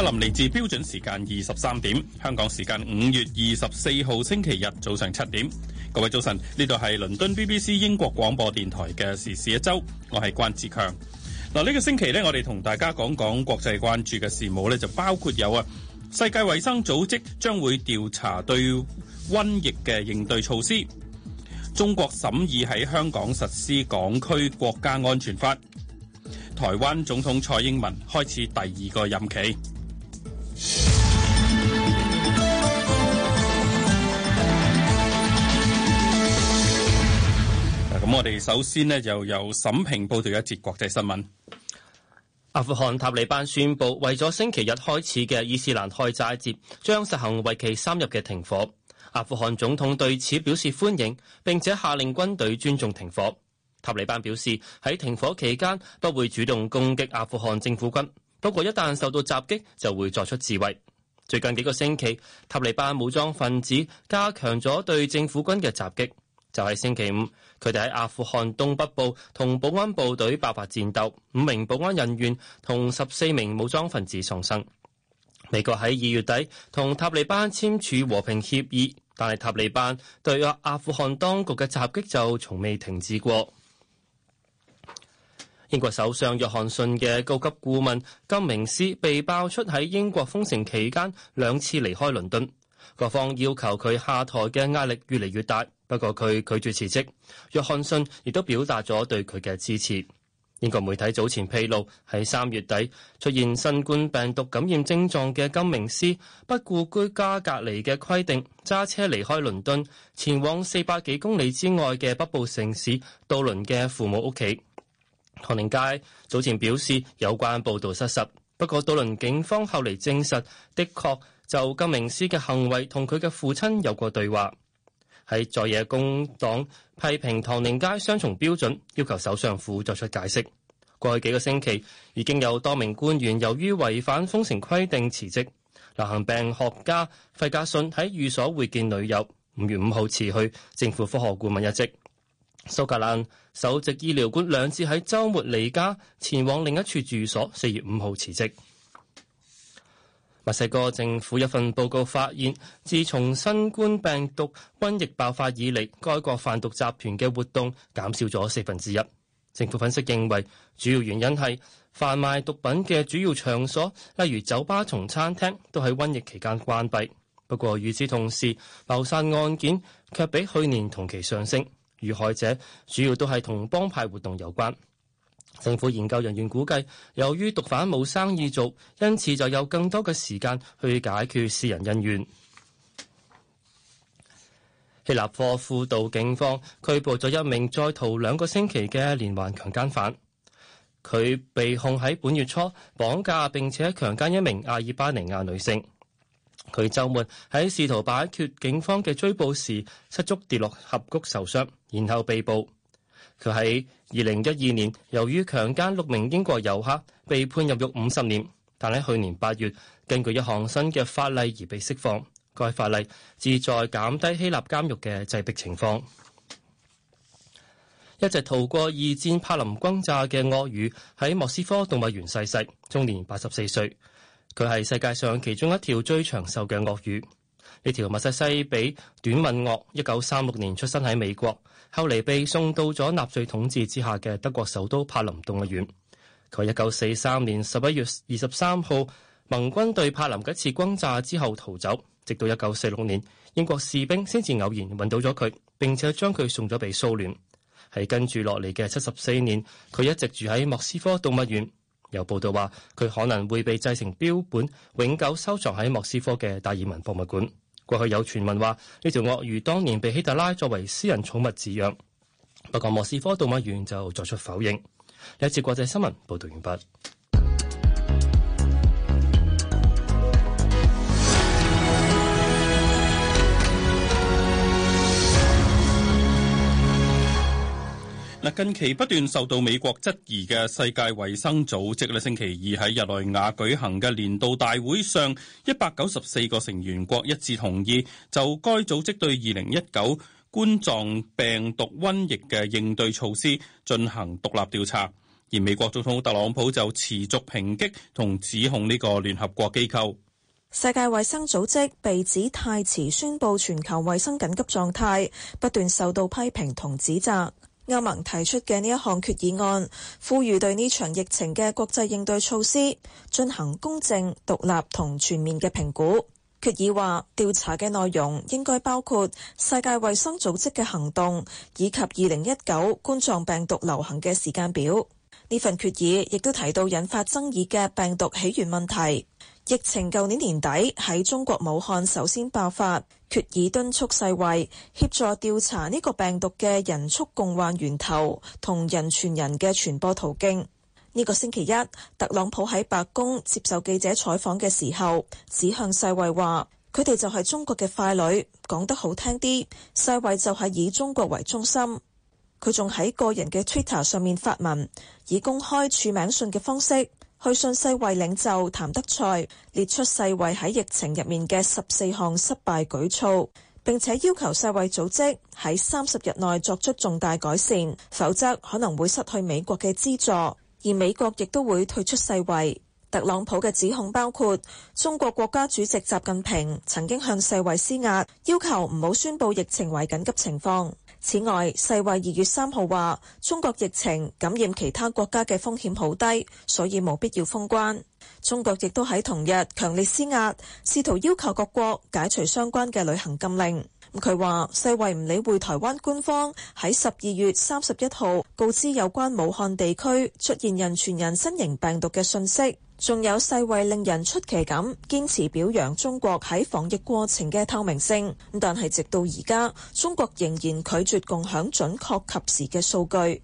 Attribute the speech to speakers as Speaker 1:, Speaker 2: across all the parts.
Speaker 1: 格林嚟自標準時間二十三點，香港時間五月二十四號星期日早上七點。各位早晨，呢度係倫敦 BBC 英國廣播電台嘅時事一周，我係關志強嗱，呢、這個星期咧，我哋同大家講講國際關注嘅事務咧，就包括有啊，世界衛生組織將會調查對瘟疫嘅應對措施；中國審議喺香港實施港區國家安全法；台灣總統蔡英文開始第二個任期。咁我哋首先呢，就由沈平報道一節國際新聞。
Speaker 2: 阿富汗塔利班宣布，為咗星期日開始嘅伊斯蘭開齋節，將實行為期三日嘅停火。阿富汗總統對此表示歡迎，並且下令軍隊尊重停火。塔利班表示喺停火期間不會主動攻擊阿富汗政府軍，不過一旦受到襲擊就會作出自衛。最近幾個星期，塔利班武裝分子加強咗對政府軍嘅襲擊。就喺星期五，佢哋喺阿富汗東北部同保安部隊爆發戰鬥，五名保安人員同十四名武裝分子喪生。美國喺二月底同塔利班簽署和平協議，但係塔利班對阿富汗當局嘅襲擊就從未停止過。英國首相約翰遜嘅高級顧問金明斯被爆出喺英國封城期間兩次離開倫敦，各方要求佢下台嘅壓力越嚟越大。不過佢拒絕辭職，約翰遜亦都表達咗對佢嘅支持。英國媒體早前披露，喺三月底出現新冠病毒感染症狀嘅金明斯，不顧居家隔離嘅規定，揸車離開倫敦，前往四百幾公里之外嘅北部城市杜倫嘅父母屋企。唐寧街早前表示有關報導失實，不過杜倫警方後嚟證實，的確就金明斯嘅行為同佢嘅父親有過對話。喺在野工黨批評唐寧街雙重標準，要求首相府作出解釋。過去幾個星期已經有多名官員由於違反封城規定辭職。流行病學家費格遜喺寓所會見女友，五月五號辭去政府科學顧問一職。蘇格蘭首席醫療官兩次喺周末離家前往另一處住所，四月五號辭職。墨西哥政府一份報告發現，自從新冠病毒瘟疫爆發以嚟，該國販毒集團嘅活動減少咗四分之一。政府分析認為，主要原因係販賣毒品嘅主要場所，例如酒吧同餐廳，都喺瘟疫期間關閉，不過與此同時謀殺案件卻比去年同期上升，遇害者主要都係同幫派活動有關。政府研究人員估計，由於毒販冇生意做，因此就有更多嘅時間去解決私人恩怨。 希臘科孚島警方拘捕咗一名在逃兩個星期嘅連環強姦犯，佢被控喺本月初綁架並且強姦一名亞爾巴尼亞女性。佢週末喺試圖擺脱警方嘅追捕時，失足跌落峽谷受傷，然後被捕。佢喺二零一二年，由於強姦六名英國遊客，被判入獄五十年。但喺去年八月，根據一項新嘅法例而被釋放。該法例旨在減低希臘監獄嘅擠迫情況。一隻逃過二戰柏林轟炸嘅鱷魚喺莫斯科動物園逝世，終年八十四歲。佢係世界上其中一條最長壽嘅鱷魚。呢條密西西比短吻鱷，一九三六年出生喺美國，後嚟被送到咗納粹統治之下嘅德國首都柏林動物園。佢一九四三年十一月二十三號，盟軍對柏林嘅一次轟炸之後逃走，直到一九四六年，英國士兵先至偶然揾到咗佢，並且將佢送咗俾蘇聯。喺跟住落嚟嘅七十四年，佢一直住喺莫斯科動物園。有報道話佢可能會被製成標本，永久收藏喺莫斯科嘅達爾文博物館。過去有傳聞話呢條鱷魚當年被希特拉作為私人寵物飼養，不過莫斯科動物園就作出否認。呢一節國際新聞報道完畢。
Speaker 1: 近期不斷受到美國質疑嘅世界衛生組織咧，星期二喺日內瓦舉行嘅年度大會上，一百九十四個成員國一致同意就該組織對二零一九冠狀病毒瘟疫嘅應對措施進行獨立調查。而美國總統特朗普就持續抨擊同指控呢個聯合國機構。
Speaker 3: 世界衛生組織被指太遲宣布全球衛生緊急狀態，不斷受到批評同指責。歐盟提出嘅呢一項決議案，呼籲對呢場疫情嘅國際應對措施進行公正、獨立同全面嘅評估。決議話，調查嘅內容應該包括世界衛生組織嘅行動，以及二零一九冠狀病毒流行嘅時間表。呢份決議亦都提到引發爭議嘅病毒起源問題。疫情舊年年底喺中國武漢首先爆發，決議敦促世衛協助調查呢個病毒嘅人畜共患源頭同人傳人嘅傳播途徑。呢個星期一，特朗普喺白宮接受記者採訪嘅時候，指向世衛話：佢哋就係中國嘅傀儡，講得好聽啲，世衛就係以中國為中心。佢仲喺個人嘅 Twitter 上面發文，以公開署名信嘅方式。去信世衛領袖譚德塞，列出世衛喺疫情入面嘅十四項失敗舉措，並且要求世衛組織喺三十日內作出重大改善，否則可能會失去美國嘅資助，而美國亦都會退出世衛。特朗普嘅指控包括中國國家主席習近平曾經向世衛施壓，要求唔好宣布疫情為緊急情況。此外，世衛二月三號話，中國疫情感染其他國家嘅風險好低，所以冇必要封關。中國亦都喺同日強烈施壓，試圖要求各國解除相關嘅旅行禁令。佢話世衛唔理會台灣官方喺十二月三十一號告知有關武漢地區出現人傳人新型病毒嘅信息。仲有世衛令人出奇咁堅持表揚中國喺防疫過程嘅透明性，但係直到而家，中國仍然拒絕共享準確及時嘅數據。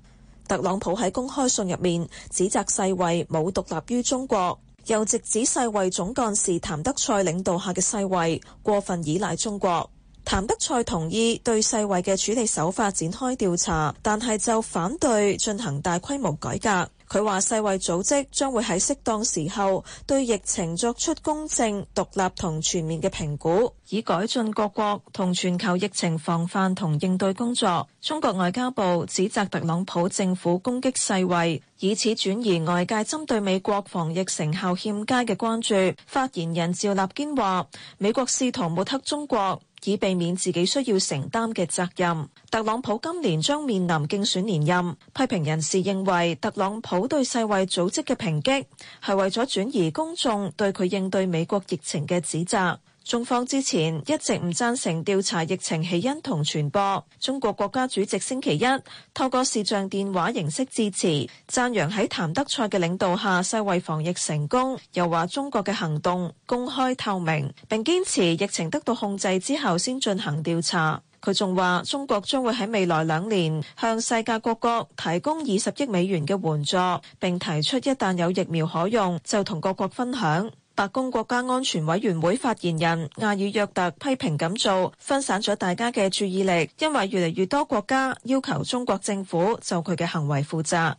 Speaker 3: 特朗普喺公開信入面指責世衛冇獨立於中國，又直指世衛總幹事譚德塞領導下嘅世衛過分依賴中國。譚德塞同意對世衛嘅處理手法展開調查，但係就反對進行大規模改革。佢話：世衛組織將會喺適當時候對疫情作出公正、獨立同全面嘅評估，以改進各國同全球疫情防範同應對工作。中國外交部指責特朗普政府攻擊世衛，以此轉移外界針對美國防疫成效欠佳嘅關注。發言人趙立堅話：美國試圖抹黑中國。以避免自己需要承擔嘅責任。特朗普今年將面臨競選連任，批評人士認為特朗普對世衛組織嘅抨擊，係為咗轉移公眾對佢應對美國疫情嘅指責。中方之前一直唔贊成調查疫情起因同傳播。中國國家主席星期一透過視像電話形式致辭，讚揚喺譚德塞嘅領導下世衛防疫成功，又話中國嘅行動公開透明，並堅持疫情得到控制之後先進行調查。佢仲話中國將會喺未來兩年向世界各國提供二十億美元嘅援助，並提出一旦有疫苗可用就同各國分享。白宮國家安全委員會發言人亞爾約特批評咁做分散咗大家嘅注意力，因為越嚟越多國家要求中國政府就佢嘅行為負責。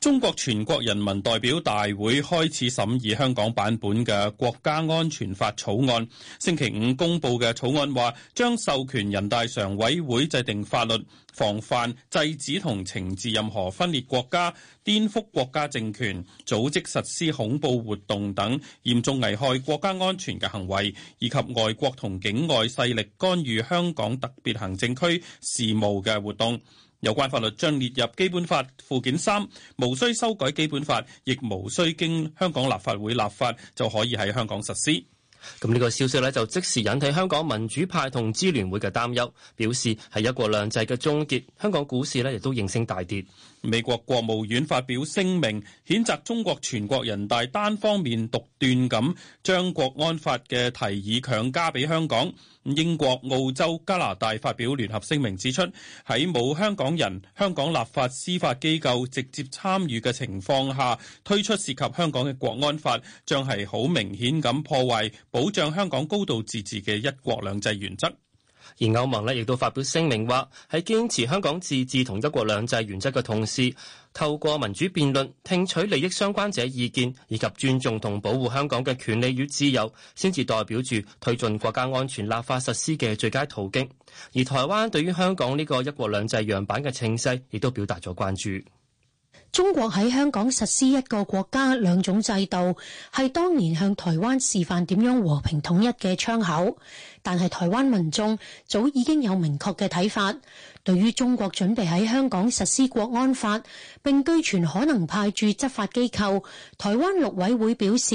Speaker 1: 中國全國人民代表大會開始審議香港版本嘅國家安全法草案。星期五公布嘅草案話，將授權人大常委會制定法律，防範、制止同懲治任何分裂國家、顛覆國家政權、組織實施恐怖活動等嚴重危害國家安全嘅行為，以及外國同境外勢力干預香港特別行政區事務嘅活動。有關法律將列入基本法附件三，無需修改基本法，亦無需經
Speaker 2: 香港立法會立法，就可以喺香港實施。咁呢個消息咧就即時引起香港民主派同支聯會嘅擔憂，表示係一國兩制嘅終結。香港股市呢亦都應聲大跌。美國國務院發表聲明，譴責中國全國人
Speaker 1: 大單方面獨斷咁將國安法嘅提議強加俾香港。英國、澳洲、加拿大發表聯合聲明，指出喺冇香港人、香港立法司法機構直接參與嘅情況下，推出涉及香港嘅國安法，將係好明顯咁破壞保障香港高度自治嘅一國
Speaker 2: 兩制原則，而歐盟咧亦都發表聲明，話喺堅持香港自治同一國兩制原則嘅同時，透過民主辯論聽取利益相關者意見，以及尊重同保護香港嘅權利與自由，先至代表住推進國家安全立法實施嘅最佳途徑。而台灣對於香港呢個一國兩制樣板嘅清晰亦都表達咗關注。
Speaker 4: 中國喺香港實施一個國家兩種制度，係當年向台灣示範點樣和平統一嘅窗口。但係台灣民眾早已經有明確嘅睇法。對於中國準備喺香港實施國安法並居全可能派駐執法機構,台灣陸委會表示,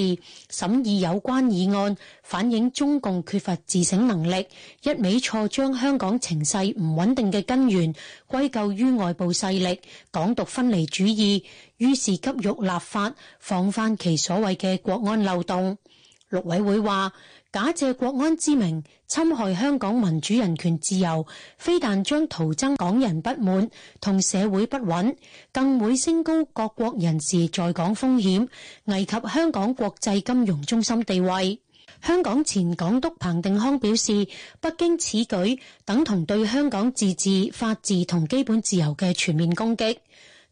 Speaker 4: 審議有關議案反映中共缺乏自省能力,一味錯將香港情勢唔穩定的根源歸咎於外部勢力,港獨分離主義,於是急欲立法,防翻其所謂的國安漏洞。陸委會話假借國安之名侵害香港民主、人權、自由，非但將徒增港人不滿同社會不穩，更會升高各國人士在港風險，危及香港國際金融中心地位。香港前港督彭定康表示，北京此舉等同對香港自治、法治同基本自由嘅全面攻擊。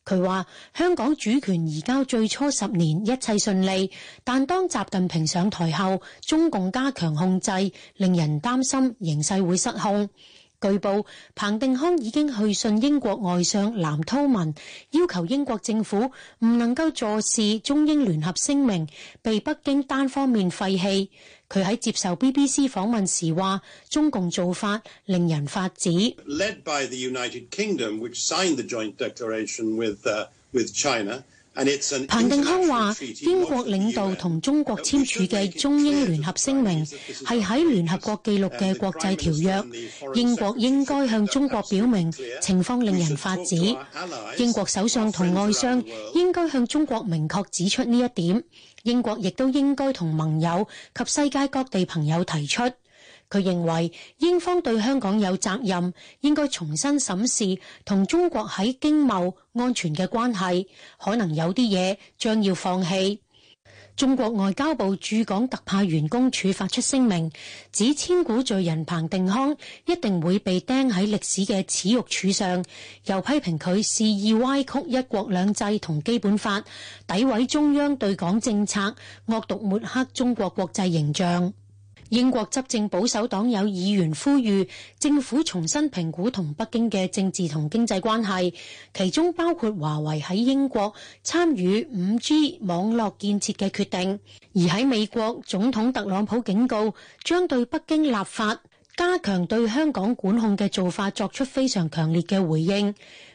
Speaker 4: 佢話，香港主權移交最初十年一切順利，但當習近平上台後，中共加強控制，令人擔心形勢會失控。據報，彭定康已經去信英國外相藍韜文，要求英國政府唔能夠坐視中英聯合聲明被北京單方面廢棄。佢喺接受 BBC 訪問時話：中共做法令人髮
Speaker 5: 指。彭定康話：
Speaker 4: 英國領導同中國簽署嘅中英聯合聲明係喺聯合國記錄嘅國際條約，英國應該向中國表明情況令人髮指，英國首相同外相應該向中國明確指出呢一點，英國亦都應該同盟友及世界各地朋友提出。佢認為英方對香港有責任，應該重新審視同中國喺經貿安全嘅關係，可能有啲嘢將要放棄。中國外交部駐港特派員公署發出聲明，指千古罪人彭定康一定會被釘喺歷史嘅恥辱柱上，又批評佢肆意歪曲一國兩制同基本法，詆毀中央對港政策，惡毒抹黑中國國際形象。英國執政保守黨有議員呼籲政府重新評估同北京嘅政治同經濟關係，其中包括華為喺英國參與 5G 網絡建設嘅決定。而喺美國總統特朗普警告，將對北京立法加強對香港管控嘅做法作出非常強烈嘅回應。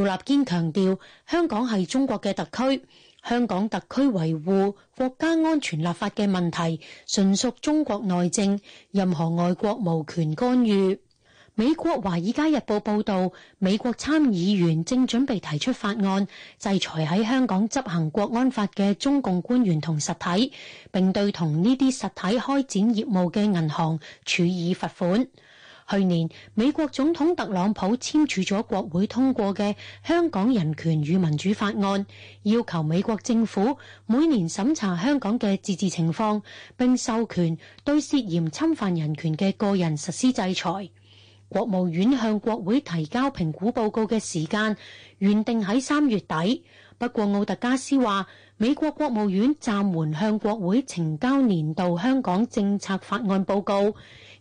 Speaker 4: 趙立堅強調，香港係中國嘅特區，香港特區維護國家安全立法嘅問題純屬中國內政，任何外國無權干預。美國《華爾街日報》報道，美國參議員正準備提出法案，制裁喺香港執行國安法嘅中共官員同實體，並對同呢啲實體開展業務嘅銀行處以罰款。去年美國總統特朗普簽署咗國會通過嘅《香港人權與民主法案》，要求美國政府每年審查香港嘅自治情況，並授權對涉嫌侵犯人權嘅個人實施制裁。國務院向國會提交評估報告嘅時間原定喺三月底，不過奧特加斯話美國國務院暫緩向國會呈交年度香港政策法案報告，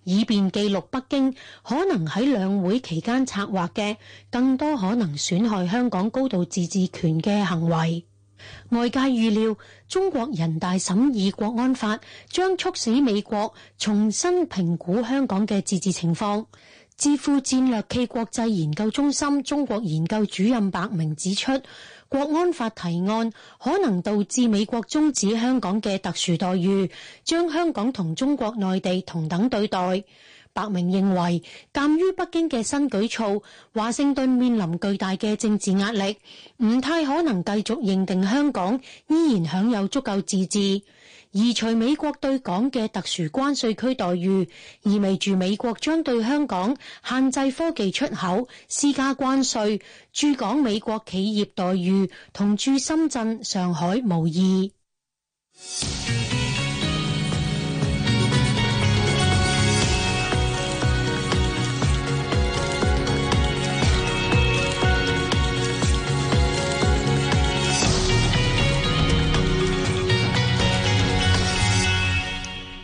Speaker 4: 以便記錄北京可能喺兩會期間策劃嘅更多可能損害香港高度自治權嘅行為。外界預料中國人大審議國安法將促使美國重新評估香港嘅自治情況。智庫戰略暨國際研究中心中國研究主任白明指出：國安法提案可能導致美國終止香港嘅特殊待遇，將香港同中國內地同等對待。白明認為，鑑於北京嘅新舉措，華盛頓面臨巨大嘅政治壓力，唔太可能繼續認定香港依然享有足夠自治。而移除美國對港嘅特殊關稅區待遇，意味住美國將對香港限制科技出口、施加關稅，駐港美國企業待遇同駐深圳、上海無異。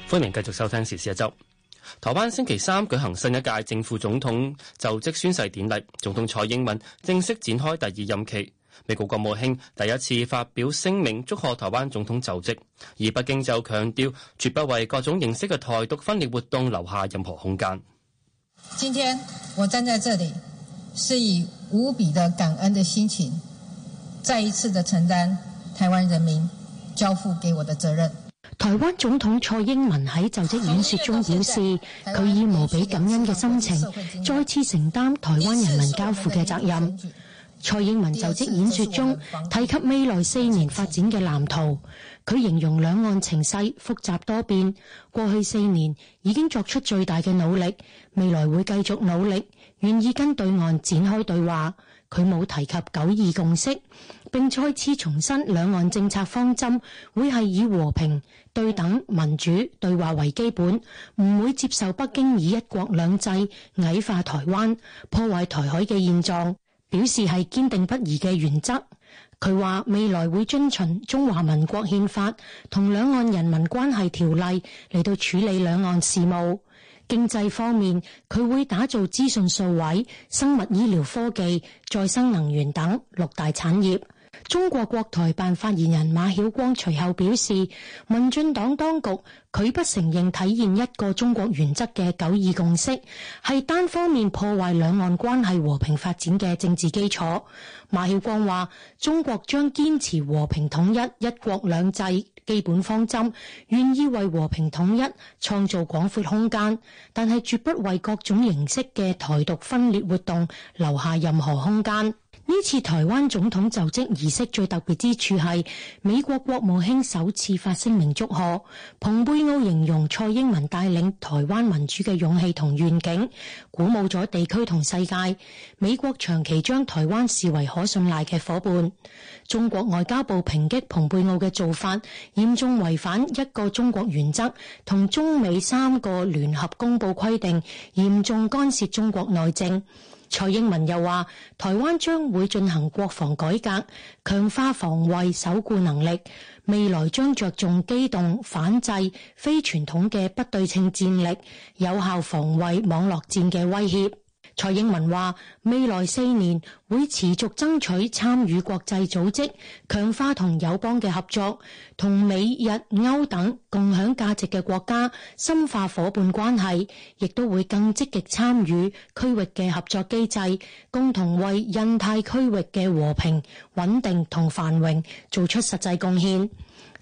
Speaker 2: 歡迎繼續收聽時事一周。台灣星期三舉行新一屆正副總統就職宣誓典禮，總統蔡英文正式展開第二任期。美國國務卿第一次發表聲明祝賀台灣總統就職，而北京就強調絕不為各種形式嘅台獨分裂活動留下任何空間。
Speaker 6: 今天我站在這裏，是以無比的感恩的心情，再一次的承擔台灣人民交付給我的責任。台灣總統
Speaker 4: 蔡英文喺就職演說中表示，佢以無比感恩嘅心情再次承擔台灣人民交付嘅責任。蔡英文就職演說中提及未來四年發展嘅藍圖，佢形容兩岸情勢複雜多變，過去四年已經作出最大嘅努力，未來會繼續努力，願意跟對岸展開對話。佢冇提及九二共識，並再次重申兩岸政策方針會係以和平、對等、民主對話為基本，唔會接受北京以一國兩制矮化台灣、破壞台海嘅現狀，表示係堅定不移嘅原則。佢話未來會遵循中華民國憲法同兩岸人民關係條例嚟到處理兩岸事務。經濟方面，佢會打造資訊、數位、生物醫療科技、再生能源等六大產業。中國國台辦發言人馬曉光隨後表示，民進黨當局拒不承認體現一個中國原則嘅九二共識，係單方面破壞兩岸關係和平發展嘅政治基礎。馬曉光話：中國將堅持和平統一、一國兩制。基本方針願意為和平統一創造廣闊空間，但係絕不為各種形式嘅台獨分裂活動留下任何空間。呢次台灣總統就職儀式最特別之處係美國國務卿首次發聲明祝賀，蓬佩奧形容蔡英文帶領台灣民主嘅勇氣同願景，鼓舞咗地區同世界。美國長期將台灣視為可信賴嘅伙伴。中國外交部抨擊蓬佩奧嘅做法，嚴重違反一個中國原則同中美三個聯合公佈規定，嚴重干涉中國內政。蔡英文又話：台灣將會進行國防改革，強化防衛守護能力。未來將着重機動、反制非傳統嘅不對稱戰力，有效防衛網絡戰嘅威脅。蔡英文話：未來四年會持續爭取參與國際組織，強化同友邦嘅合作，同美日歐等共享價值嘅國家深化夥伴關係，亦都會更積極參與區域嘅合作機制，共同為印太區域嘅和平穩定同繁榮做出實際貢獻。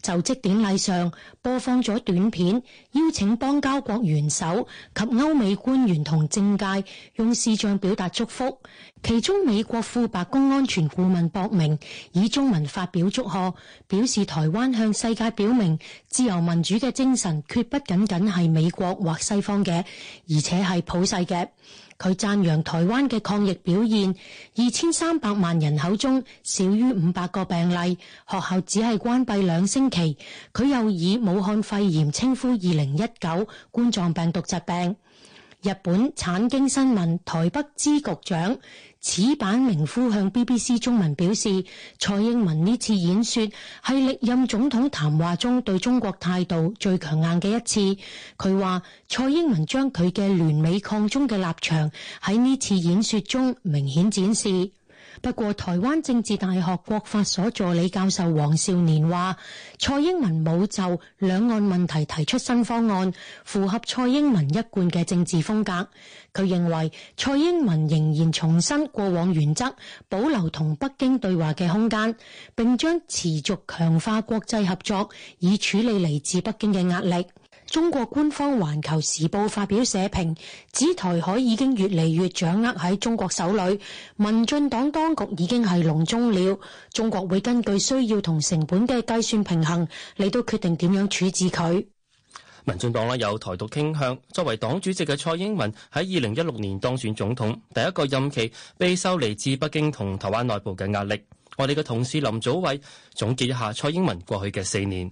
Speaker 4: 就職典禮上播放咗短片，邀請邦交國元首及歐美官員同政界用視像表達祝福。其中，美國副白宮安全顧問博明以中文發表祝賀，表示台灣向世界表明自由民主嘅精神，絕不僅僅係美國或西方嘅，而且係普世嘅。佢讚揚台灣嘅抗疫表現，二千三百萬人口中少於五百個病例，學校只係關閉兩星期。佢又以武漢肺炎稱呼二零一九冠狀病毒疾病。日本產經新聞台北支局長此版明夫向 BBC 中文表示，蔡英文呢次演說係歷任總統談話中對中國態度最強硬嘅一次。佢話蔡英文將佢嘅聯美抗中嘅立場喺呢次演說中明顯展示。不過，台灣政治大學國法所助理教授黃少年話，蔡英文冇就兩岸問題提出新方案，符合蔡英文一貫嘅政治風格。佢認為，蔡英文仍然重申過往原則，保留同北京對話嘅空間，並將持續強化國際合作，以處理嚟自北京嘅壓力。中國官方《環球時報》發表社評，指台海已經越嚟越掌握喺中國手裏，民進黨當局已經係籠中鳥，中國會根據需要同成本嘅計算平衡，嚟到決定點樣處置佢。
Speaker 2: 民進黨咧有台獨傾向，作為黨主席嘅蔡英文喺二零一六年當選總統，第一個任期備受嚟自北京同台灣內部嘅壓力。我哋嘅同事林祖偉總結一下蔡英文過去嘅四年。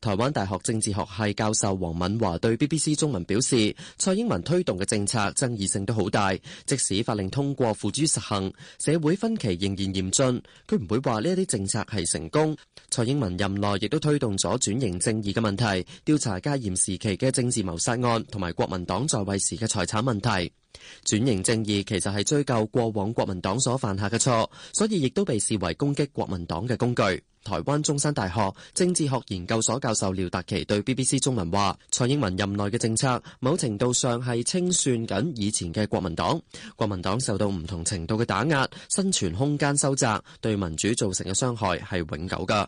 Speaker 7: 台灣大學政治學系教授黃敏華對 BBC 中文表示：蔡英文推動嘅政策爭議性都好大，即使法令通過付諸實行，社會分歧仍然嚴峻。佢唔會話呢一啲政策係成功。蔡英文任內亦都推動咗轉型正義嘅問題，調查戒嚴時期嘅政治謀殺案，同埋國民黨在位時嘅財產問題。轉型正義其實係追究過往國民黨所犯下嘅錯，所以亦都被視為攻擊國民黨嘅工具。台灣中山大學政治學研究所教授廖達奇對 BBC 中文話：蔡英文任內嘅政策，某程度上係清算緊以前嘅國民黨，國民黨受到唔同程度嘅打壓，生存空間收窄，對民主造成嘅傷害係永久㗎。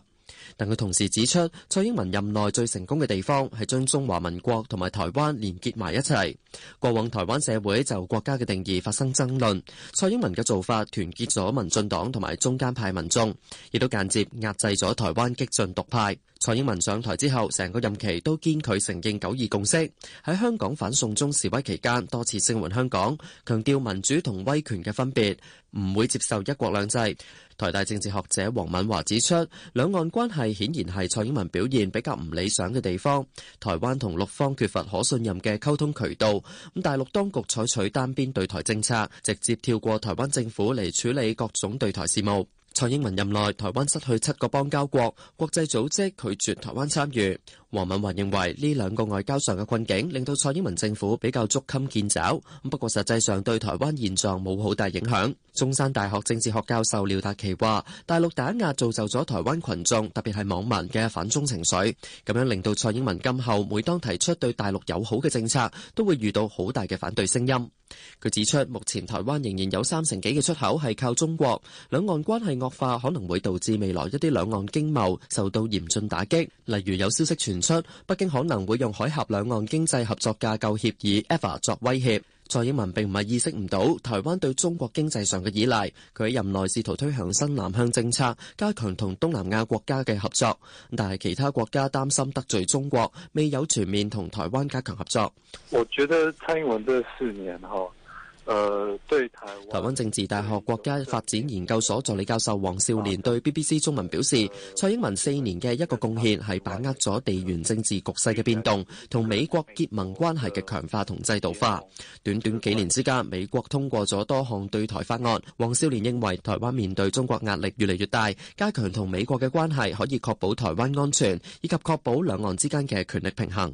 Speaker 7: 但佢同時指出，蔡英文任內最成功嘅地方係將中華民國同埋台灣連結埋一齊。過往台灣社會就國家嘅定義發生爭論，蔡英文嘅做法團結咗民進黨同埋中間派民眾，亦都間接壓制咗台灣激進獨派。蔡英文上台之後，成個任期都堅拒承認九二共識。喺香港反送中示威期間，多次聲援香港，強調民主同威權嘅分別，唔會接受一國兩制。台大政治學者黃敏華指出，兩岸關係顯然係蔡英文表現比較唔理想嘅地方。台灣同陸方缺乏可信任嘅溝通渠道，咁大陸當局採取單邊對台政策，直接跳過台灣政府嚟處理各種對台事務。蔡英文任內，台灣失去七個邦交國，國際組織拒絕台灣參與。王敏雲認為呢兩個外交上嘅困境令到蔡英文政府比較捉襟見肘，咁不過實際上對台灣現狀冇好大影響。中山大學政治學教授廖達奇話，大陸打壓造就咗台灣群眾，特別係網民嘅反中情緒，咁樣令到蔡英文今後每當提出對大陸友好嘅政策，都會遇到好大嘅反對聲音。佢指出，目前台灣仍然有三成幾嘅出口係靠中國，兩岸關係惡化可能會導致未來一啲兩岸經貿受到嚴峻打擊，例如有消息傳。出北京可能會用《海峽兩岸經濟合作架構協議》（ECFA） 作威脅。蔡英文並唔係意識唔到台灣對中國經濟上嘅依賴。佢喺任內試圖推行新南向政策，加強同東南亞國家嘅合作。但係其他國家擔心得罪中國，未有全面同台灣加強合作。
Speaker 5: 我覺得蔡英文呢四年，哈。誒、
Speaker 7: 對台灣政治大學國家發展研究所助理教授黃少年對 BBC 中文表示，蔡英文四年嘅一個貢獻係把握咗地緣政治局勢嘅變動，同美國結盟關係嘅強化同制度化。短短幾年之間，美國通過咗多項對台法案。黃少年認為，台灣面對中國壓力越嚟越大，加強同美國嘅關係可以確保台灣安全，以及確保兩岸之間嘅權力平衡。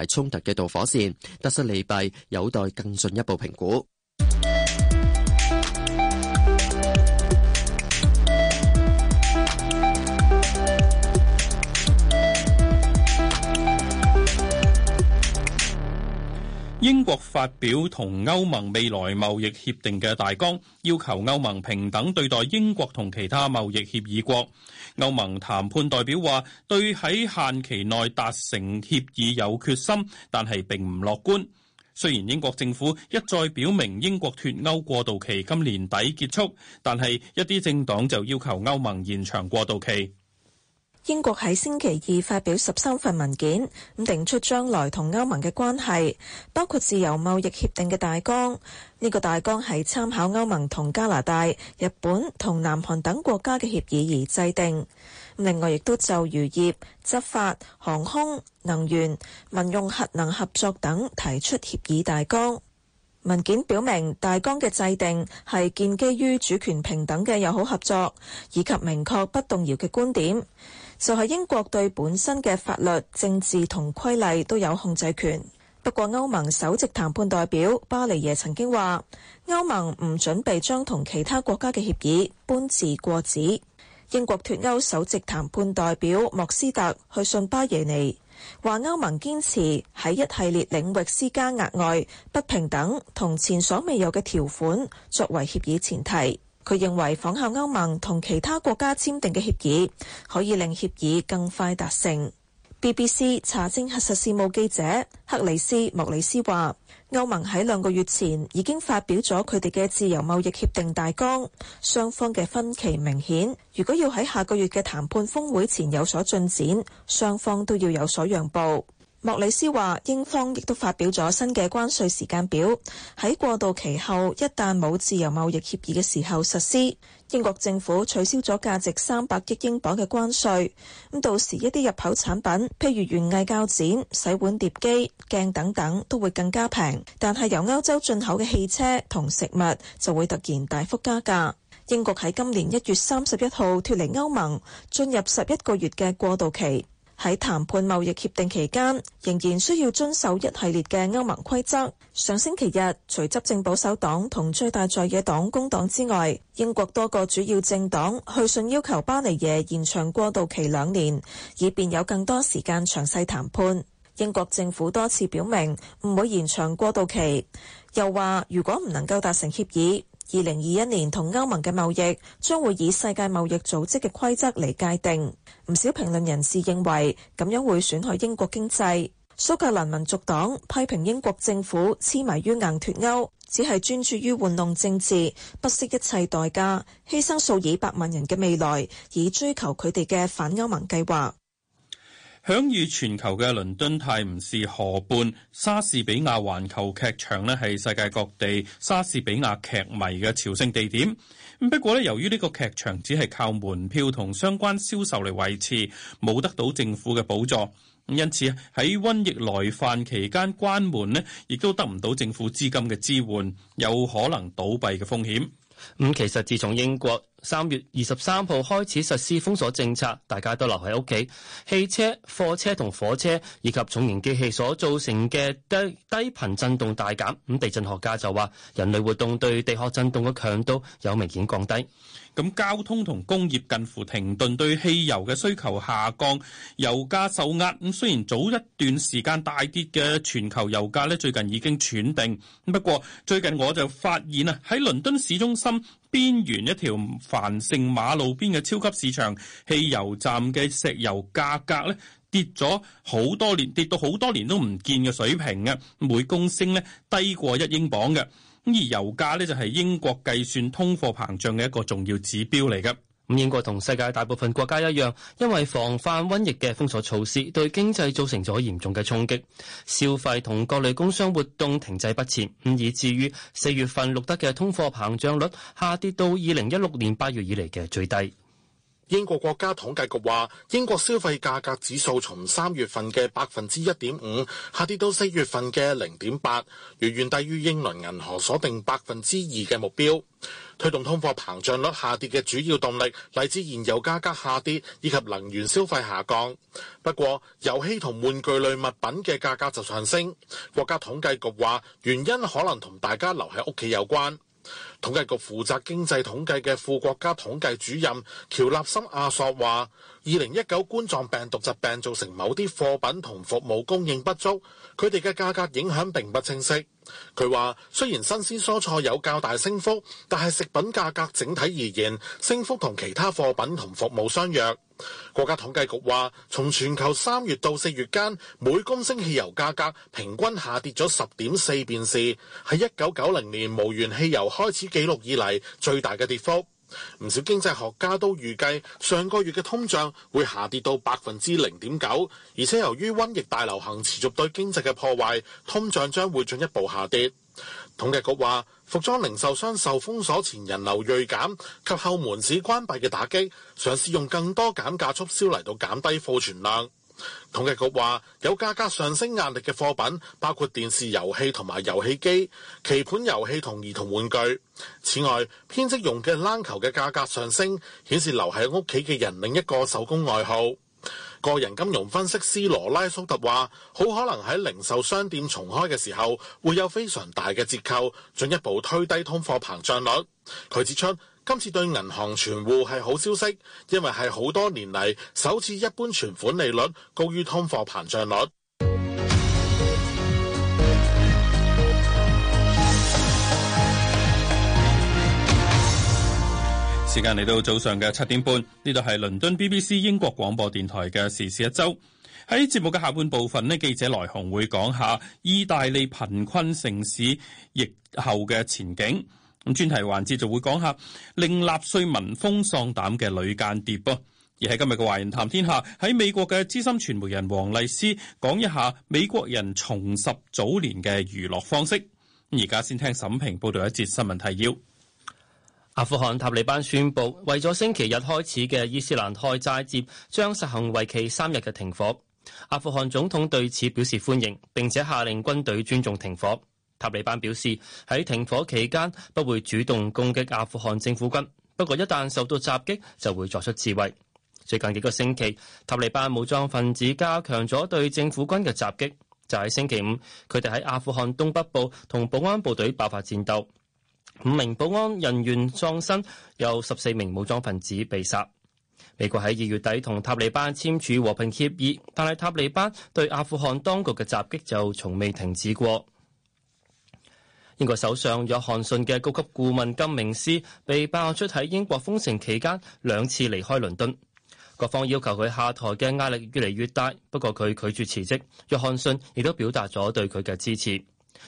Speaker 7: 係衝突嘅導火線，得失利弊有待更進一步評估。
Speaker 1: 英國發表同歐盟未來貿易協定嘅大綱，要求歐盟平等對待英國同其他貿易協議國。歐盟談判代表話，對喺限期內達成協議有決心，但係並唔樂觀。雖然英國政府一再表明英國脱歐過渡期今年底結束，但係一啲政黨就要求歐盟延長過渡期。
Speaker 3: 英國喺星期二發表十三份文件，咁定出將來同歐盟嘅關係，包括自由貿易協定嘅大綱。呢個大綱係參考歐盟同加拿大、日本同南韓等國家嘅協議而制定。另外亦都就漁業、執法、航空、能源、民用核能合作等提出協議大綱。文件表明，大綱嘅制定係建基於主權平等嘅友好合作，以及明確不動搖嘅觀點。就係英國對本身嘅法律、政治同規例都有控制權。不過，歐盟首席談判代表巴尼耶曾經話：歐盟唔準備將同其他國家嘅協議搬字過紙。英國脫歐首席談判代表莫斯特去信巴耶尼，話歐盟堅持喺一系列領域施加額外不平等同前所未有嘅條款作為協議前提。佢認為仿效歐盟同其他國家簽訂嘅協議可以令協議更快達成。BBC 查證核實事務記者克里斯莫里斯話：歐盟喺兩個月前已經發表咗佢哋嘅自由貿易協定大綱，雙方嘅分歧明顯。如果要喺下個月嘅談判峰會前有所進展，雙方都要有所讓步。莫里斯話，英方亦都發表咗新嘅關稅時間表，喺過渡期後一旦冇自由貿易協議嘅時候實施，英國政府取消咗價值三百億英鎊嘅關稅。咁到時一啲入口產品，譬如園藝鉸剪、洗碗碟機、鏡等等，都會更加平。但係由歐洲進口嘅汽車同食物就會突然大幅加價，英國喺今年一月三十一號脫離歐盟，進入十一個月嘅過渡期。喺談判貿易協定期間，仍然需要遵守一系列嘅歐盟規則。上星期日，除執政保守黨同最大在野黨工黨之外，英國多個主要政黨去信要求巴尼耶延長過渡期兩年，以便有更多時間詳細談判。英國政府多次表明唔會延長過渡期，又話如果唔能夠達成協議，二零二一年同歐盟嘅貿易將會以世界貿易組織嘅規則嚟界定，唔少評論人士認為咁樣會損害英國經濟。蘇格蘭民族黨批評英國政府痴迷於硬脱歐，只係專注於玩弄政治，不惜一切代價，犧牲數以百萬人嘅未來，以追求佢哋嘅反歐盟計劃。
Speaker 1: 享譽全球嘅倫敦泰晤士河畔莎士比亞環球劇場咧，係世界各地莎士比亞劇迷嘅朝聖地點。不過咧，由於呢個劇場只係靠門票同相關銷售嚟維持，冇得到政府嘅補助，因此喺瘟疫來犯期間關門咧，亦都得唔到政府資金嘅支援，有可能倒閉嘅風險。
Speaker 2: 咁其實自從英國三月二十三號開始實施封鎖政策，大家都留喺屋企，汽車、貨車同火車以及重型機器所造成嘅低低頻震動大減。咁地震學家就話，人類活動對地殼震動嘅強度有明顯降低。咁交通同工業近乎停頓，對汽油嘅需
Speaker 1: 求下降，油價受壓。咁雖然早一段時間大跌嘅全球油價咧，最近已經喘定。不過最近我就發現啊，喺倫敦市中心邊緣一條繁盛馬路邊嘅超級市場汽油站嘅石油價格咧跌咗好多年，跌到好多年都唔見嘅水平啊！每公升咧低過一英鎊嘅。而油價呢，就係英國計算
Speaker 2: 通貨膨脹嘅一個重要指標嚟㗎。咁英國同世界大部分國家一樣，因為防範瘟疫嘅封鎖措施，對經濟造成咗嚴重嘅衝擊，消費同各類工商活動停滯不前，咁以至於四月份錄得嘅通貨膨脹率
Speaker 5: 下跌到二零一六年八月以嚟嘅最低。英國國家統計局話，英國消費價格指數從三月份嘅百分之一點五下跌到四月份嘅零點八，遠遠低於英倫銀行所定百分之二嘅目標。推動通貨膨脹率下跌嘅主要動力嚟自燃油價格下跌以及能源消費下降。不過，遊戲同玩具類物品嘅價格就上升。國家統計局話，原因可能同大家留喺屋企有關。統計局負責經濟統計嘅副國家統計主任喬納森阿索話，二零一九冠狀病毒疾病造成某啲貨品同服務供應不足，佢哋嘅價格影響並不清晰。佢話雖然新鮮蔬菜有較大升幅，但係食品價格整體而言，升幅同其他貨品同服務相約。國家統計局話，從全球三月到四月間，每公升汽油價格平均下跌咗十點四便士，係一九九零年無鉛汽油開始記錄以嚟最大嘅跌幅。唔少經濟學家都預計，上個月嘅通脹會下跌到百分之零點九，而且由於瘟疫大流行持續對經濟嘅破壞，通脹將會進一步下跌。統計局話。服裝零售商受封鎖前人流銳減及後門市關閉嘅打擊，嘗試用更多減價促銷嚟到減低庫存量。統計局話，有價格上升壓力嘅貨品包括電視遊戲同埋遊戲機、棋盤遊戲同兒童玩具。此外，編織用嘅冷球嘅價格上升，顯示留喺屋企嘅人另一個手工愛好。個人金融分析師羅拉蘇特話，好可能喺零售商店重開嘅時候，會有非常大嘅折扣，進一步推低通貨膨脹率。佢指出，今次對銀行存戶係好消息，因為係好多年嚟首次一般存款利率高於通貨膨脹率。
Speaker 1: 時間嚟到早上嘅七點半，呢度係倫敦 BBC 英國廣播電台嘅時事一周。喺節目嘅下半部分咧，記者來鴻會講下意大利貧困城市疫後嘅前景。咁專題環節就會講下令納粹聞風喪膽嘅女間諜咯。而喺今日嘅華人談天下，喺美國嘅資深傳媒人黃麗斯講一下美國人重拾早年嘅娛樂方式。而家先聽沈平報道一節新聞提要。
Speaker 2: 阿富汗塔利班宣布，為咗星期日開始嘅伊斯蘭開齋節，將實行為期三日嘅停火。阿富汗總統對此表示歡迎，並且下令軍隊尊重停火。塔利班表示喺停火期間不會主動攻擊阿富汗政府軍，不過一旦受到襲擊就會作出自衛。最近幾個星期，塔利班武裝分子加強咗對政府軍嘅襲擊。就喺星期五，佢哋喺阿富汗東北部同保安部隊爆發戰鬥。五名保安人員喪生，有十四名武裝分子被殺。美國喺二月底同塔利班簽署和平協議，但係塔利班對阿富汗當局嘅襲擊就從未停止過。英國首相約翰遜嘅高級顧問金明斯被爆出喺英國封城期間兩次離開倫敦，各方要求佢下台嘅壓力越嚟越大，不過佢拒絕辭職。約翰遜亦都表達咗對佢嘅支持。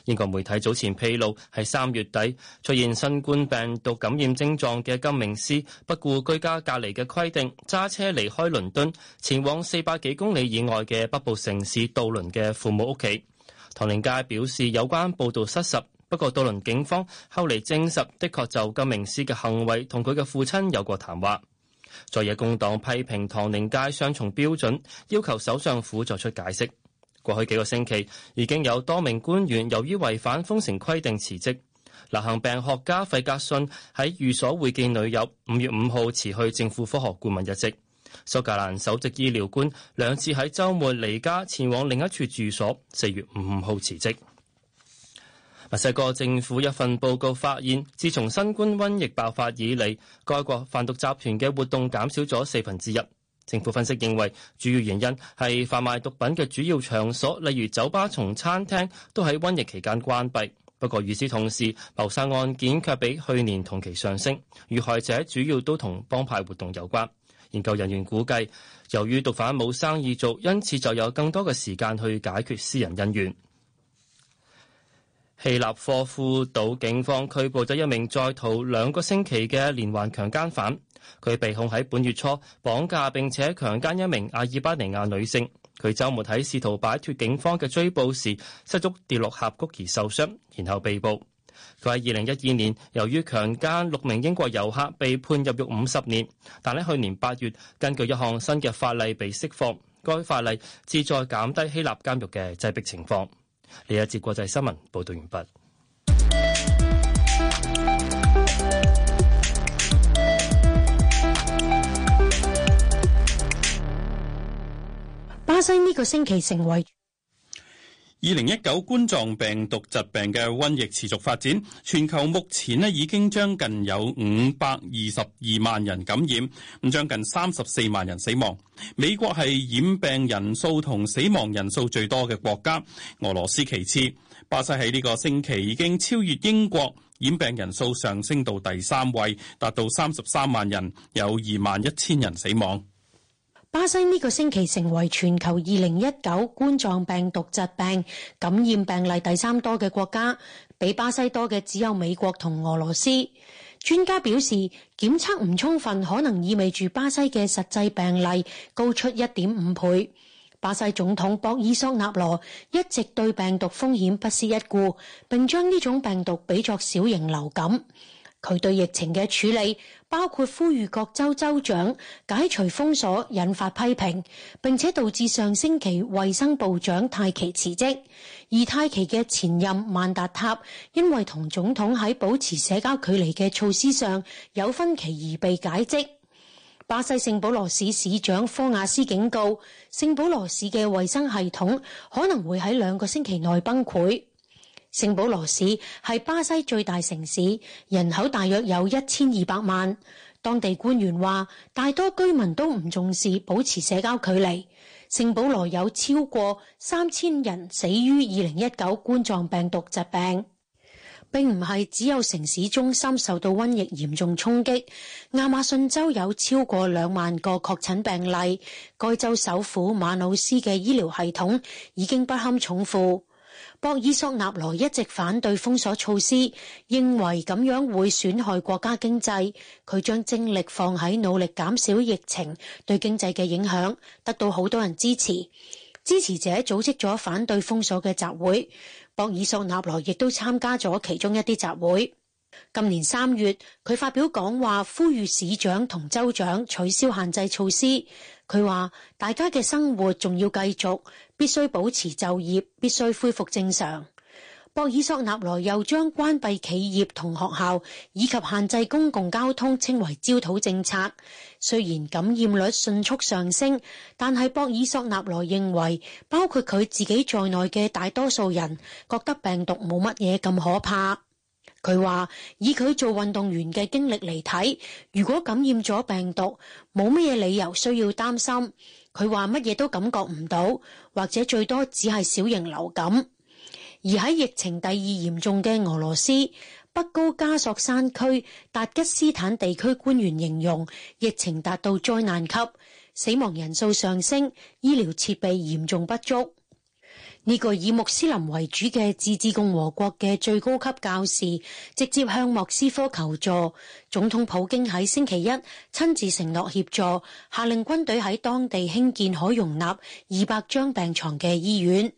Speaker 2: 英國媒體早前披露，喺三月底出現新冠病毒感染症狀嘅金明斯，不顧居家隔離嘅規定，揸車離開倫敦，前往四百幾公里以外嘅北部城市杜倫嘅父母屋企。唐寧街表示有關報道失實，不過杜倫警方後嚟證實，的確就金明斯嘅行為同佢嘅父親有過談話。在野工黨批評唐寧街雙重標準，要求首相府作出解釋。過去幾個星期，已經有多名官員由於違反封城規定辭職。流行病學家費格遜喺寓所會見女友，五月五號辭去政府科學顧問一職。蘇格蘭首席醫療官兩次喺周末離家前往另一處住所，四月五號辭職。墨西哥政府一份報告發現，自從新冠瘟疫爆發以嚟，該國販毒集團嘅活動減少咗四分之一。政府分析認為，主要原因係販賣毒品嘅主要場所，例如酒吧、同餐廳，都喺瘟疫期間關閉。不過，與此同時，謀殺案件卻比去年同期上升，遇害者主要都同幫派活動有關。研究人員估計，由於毒販冇生意做，因此就有更多嘅時間去解決私人恩怨。希臘科孚島警方拘捕咗一名在逃兩個星期嘅連環強姦犯。佢被控喺本月初綁架並且強姦一名阿爾巴尼亞女性。佢周末喺試圖擺脫警方嘅追捕時，失足跌落峽谷而受傷，然後被捕。佢喺二零一二年由於強姦六名英國遊客被判入獄五十年，但喺去年八月根據一項新嘅法例被釋放。該法例旨在減低希臘監獄嘅擠迫情況。呢一節國際新聞報道完畢。
Speaker 4: 巴西呢個星期成為
Speaker 1: 二零一九冠狀病毒疾病嘅瘟疫持續發展，全球目前咧已經將近有五百二十二萬人感染，咁將近三十四萬人死亡。美國係染病人數同死亡人數最多嘅國家，俄羅斯其次。巴西喺呢個星期已經超越英國，染病人數上升到第三位，達到三十三萬人，有二萬一千人死亡。
Speaker 4: 巴西呢個星期成為全球二零一九冠狀病毒疾病感染病例第三多嘅國家，比巴西多嘅只有美國同俄羅斯。專家表示，檢測唔充分可能意味住巴西嘅實際病例高出一點五倍。巴西總統博爾索納羅一直對病毒風險不屑一顧，並將呢種病毒比作小型流感。佢對疫情嘅處理，包括呼籲各州州長解除封鎖，引發批評，並且導致上星期衞生部長泰奇辭職。而泰奇嘅前任曼達塔，因為同總統喺保持社交距離嘅措施上有分歧而被解職。巴西聖保羅市市長科亞斯警告，聖保羅市嘅衞生系統可能會喺兩個星期內崩潰。聖保羅市係巴西最大城市，人口大約有一千二百萬。當地官員話，大多居民都唔重視保持社交距離。聖保羅有超過三千人死於二零一九冠狀病毒疾病，並唔係只有城市中心受到瘟疫嚴重衝擊。亞馬遜州有超過兩萬個確診病例，該州首府馬瑙斯嘅醫療系統已經不堪重負。博爾索納羅一直反對封鎖措施，認為咁樣會損害國家經濟。佢將精力放喺努力減少疫情對經濟嘅影響，得到好多人支持。支持者組織咗反對封鎖嘅集會，博爾索納羅亦都參加咗其中一啲集會。今年三月，佢發表講話，呼籲市長同州長取消限制措施。佢話：大家嘅生活仲要繼續。必須保持就業，必須恢復正常。博爾索納羅又將關閉企業同學校以及限制公共交通稱為焦土政策。雖然感染率迅速上升，但係博爾索納羅認為，包括佢自己在內嘅大多數人覺得病毒冇乜嘢咁可怕。佢話以佢做運動員嘅經歷嚟睇，如果感染咗病毒，冇乜嘢理由需要擔心。佢話乜嘢都感覺唔到，或者最多只係小型流感。而喺疫情第二嚴重嘅俄羅斯北高加索山區達吉斯坦地區官員形容，疫情達到災難級，死亡人數上升，醫療設備嚴重不足。呢個以穆斯林為主嘅自治共和國嘅最高級教士直接向莫斯科求助，總統普京喺星期一親自承諾協助，下令軍隊喺當地興建可容納二百張病床嘅醫院。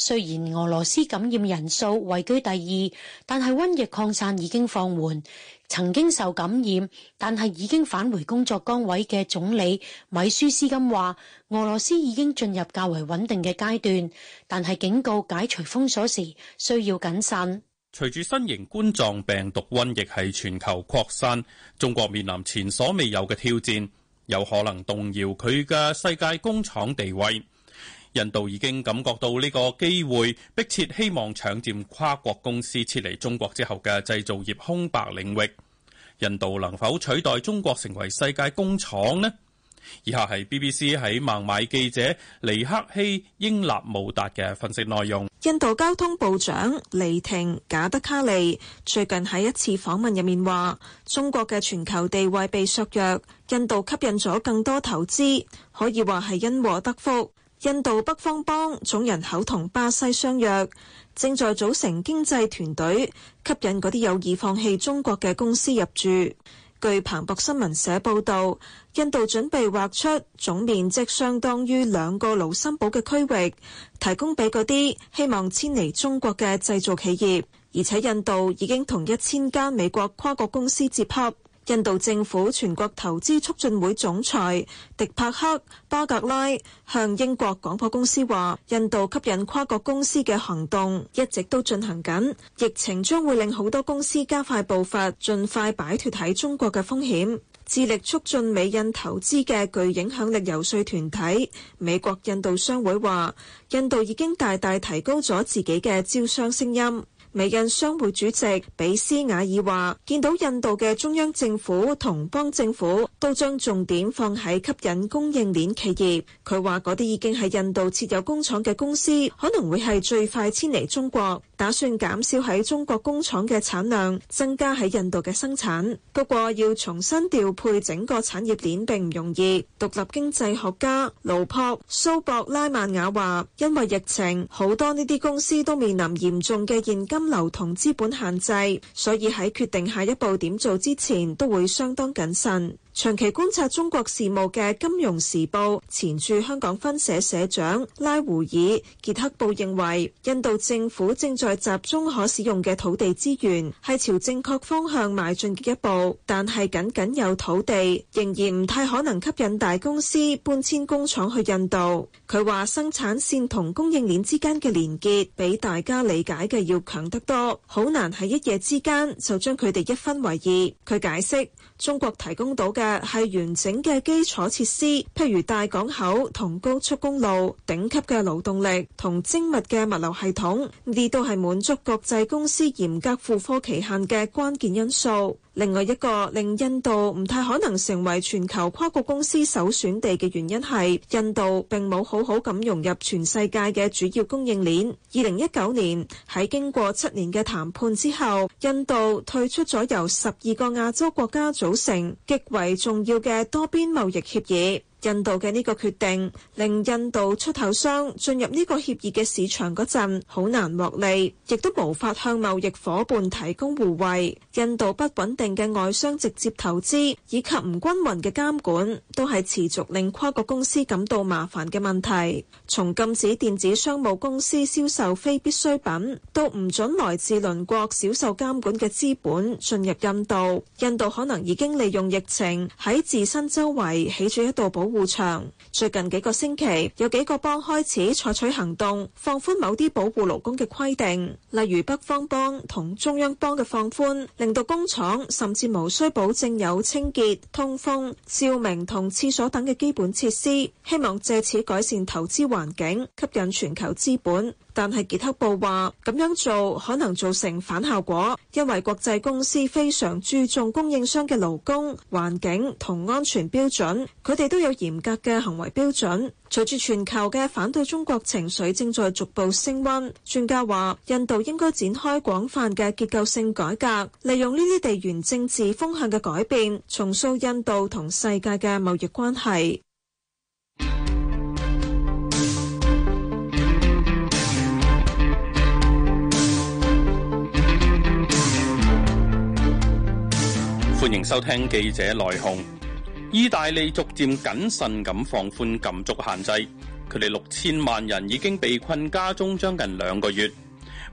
Speaker 4: 雖然俄羅斯感染人數位居第二，但係瘟疫擴散已經放緩。曾經受感染但係已經返回工作崗位嘅總理米舒斯金話：俄羅斯已經進入較為穩定嘅階段，但係警告解除封鎖時需要謹慎。
Speaker 1: 隨住新型冠狀病毒瘟疫係全球擴散，中國面臨前所未有嘅挑戰，有可能動搖佢嘅世界工廠地位。印度已經感覺到呢個機會，迫切希望搶佔跨國公司撤離中國之後嘅製造業空白領域。印度能否取代中國成為世界工廠呢？以下係 BBC 喺孟買記者尼克希英納烏達嘅分析內容。
Speaker 3: 印度交通部長尼廷賈德卡利最近喺一次訪問入面話，中國嘅全球地位被削弱，印度吸引咗更多投資，可以話係因禍得福。印度北方邦總人口同巴西相若，正在組成經濟團隊，吸引嗰啲有意放棄中國嘅公司入住。據彭博新聞社報道，印度準備劃出總面積相當於兩個盧森堡嘅區域，提供俾嗰啲希望遷離中國嘅製造企業，而且印度已經同一千間美國跨國公司接洽。印度政府全國投資促進會總裁迪帕克巴格拉向英國廣播公司話，印度吸引跨國公司嘅行動一直都進行緊，疫情將會令好多公司加快步伐，盡快擺脱喺中國嘅風險。致力促進美印投資嘅具影響力游說團體美國印度商會話，印度已經大大提高咗自己嘅招商聲音。美印商會主席比斯瓦爾話：見到印度嘅中央政府同邦政府都將重點放喺吸引供應鏈企業。佢話嗰啲已經喺印度設有工廠嘅公司，可能會係最快遷離中國，打算減少喺中國工廠嘅產量，增加喺印度嘅生產。不過要重新調配整個產業鏈並唔容易。獨立經濟學家盧樸蘇博拉曼雅話：因為疫情，好多呢啲公司都面臨嚴重嘅現金，流動資本限制，所以喺決定下一步點做之前，都會相當謹慎。長期觀察中國事務嘅《金融時報》前駐香港分社社長拉胡爾傑克布認為，印度政府正在集中可使用嘅土地資源，係朝正確方向邁進嘅一步。但係，僅僅有土地，仍然唔太可能吸引大公司搬遷工廠去印度。佢話生產線同供應鏈之間嘅連結，比大家理解嘅要強得多，好難喺一夜之間就將佢哋一分為二。佢解釋。中國提供到嘅係完整嘅基礎設施，譬如大港口同高速公路、頂級嘅勞動力同精密嘅物流系統，呢啲都係滿足國際公司嚴格付貨期限嘅關鍵因素。另外一個令印度唔太可能成為全球跨國公司首選地嘅原因係，印度並冇好好咁融入全世界嘅主要供應鏈。二零一九年喺經過七年嘅談判之後，印度退出咗由十二個亞洲國家組成極為重要嘅多邊貿易協議。印度嘅呢個決定，令印度出口商進入呢個協議嘅市場嗰陣好難獲利，亦都無法向貿易夥伴提供互惠。印度不穩定嘅外商直接投資以及唔均勻嘅監管，都係持續令跨國公司感到麻煩嘅問題，從禁止電子商務公司銷售非必需品，到唔准來自鄰國少受監管嘅資本進入印度，印度可能已經利用疫情喺自身周圍起咗一道保護牆。最近幾個星期，有幾個邦開始採取行動，放寬某啲保護勞工嘅規定，例如北方邦同中央邦嘅放寬，令到工廠甚至無需保證有清潔、通風、照明同廁所等嘅基本設施，希望借此改善投資環境，吸引全球資本。但係傑克布話，咁樣做可能造成反效果，因為國際公司非常注重供應商嘅勞工環境同安全標準，佢哋都有嚴格嘅行為標準。隨住全球嘅反對中國情緒正在逐步升溫，專家話印度應該展開廣泛嘅結構性改革，利用呢啲地緣政治風向嘅改變，重塑印度同世界嘅貿易關係。
Speaker 1: 歡迎收聽記者來鴻。意大利逐漸謹慎咁放寬禁足限制，佢哋六千萬人已經被困家中將近近兩個月。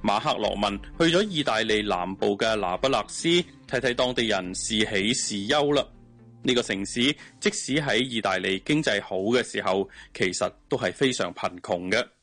Speaker 1: 馬克洛文去咗意大利南部嘅那不勒斯睇睇當地人是喜是憂啦。呢、這個城市即使喺意大利經濟好嘅時候，其實都係非常貧窮嘅。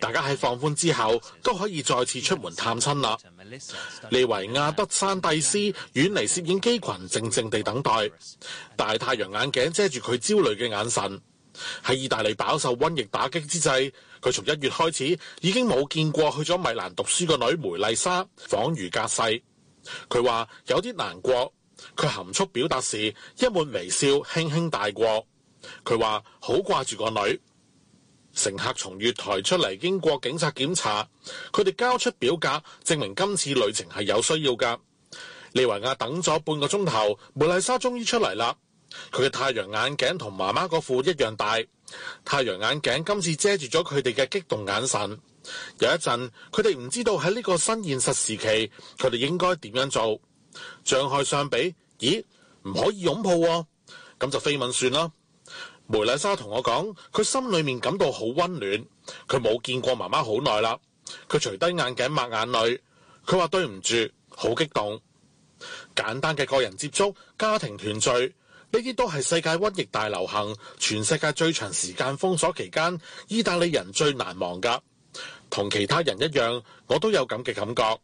Speaker 5: 大家喺放寬之後都可以再次出門探親啦。利維亞德山蒂斯遠離攝影機群，靜靜地等待。大太陽眼鏡遮住佢焦慮嘅眼神。喺意大利飽受瘟疫打擊之際，佢從一月開始已經冇見過去咗米蘭讀書個女梅麗莎，恍如隔世。佢話有啲難過。佢含蓄表達時，一抹微笑輕輕帶過。佢話好掛住個女。乘客從月台出嚟，經過警察檢查，佢哋交出表格，證明今次旅程係有需要㗎。利維亞等咗半個鐘頭，梅麗莎終於出嚟啦。佢嘅太陽眼鏡同媽媽嗰副一樣大，太陽眼鏡今次遮住咗佢哋嘅激動眼神。有一陣，佢哋唔知道喺呢個新現實時期，佢哋應該點樣做。張害相比，咦，唔可以擁抱喎、哦，咁就飛吻算啦。梅麗莎同我講，佢心裏面感到好温暖，佢冇見過媽媽好耐啦。佢除低眼鏡抹眼淚，佢話對唔住，好激動。簡單嘅個人接觸、家庭團聚，呢啲都係世界瘟疫大流行、全世界最長時間封鎖期間，意大利人最難忘㗎。同其他人一樣，我都有咁嘅感覺。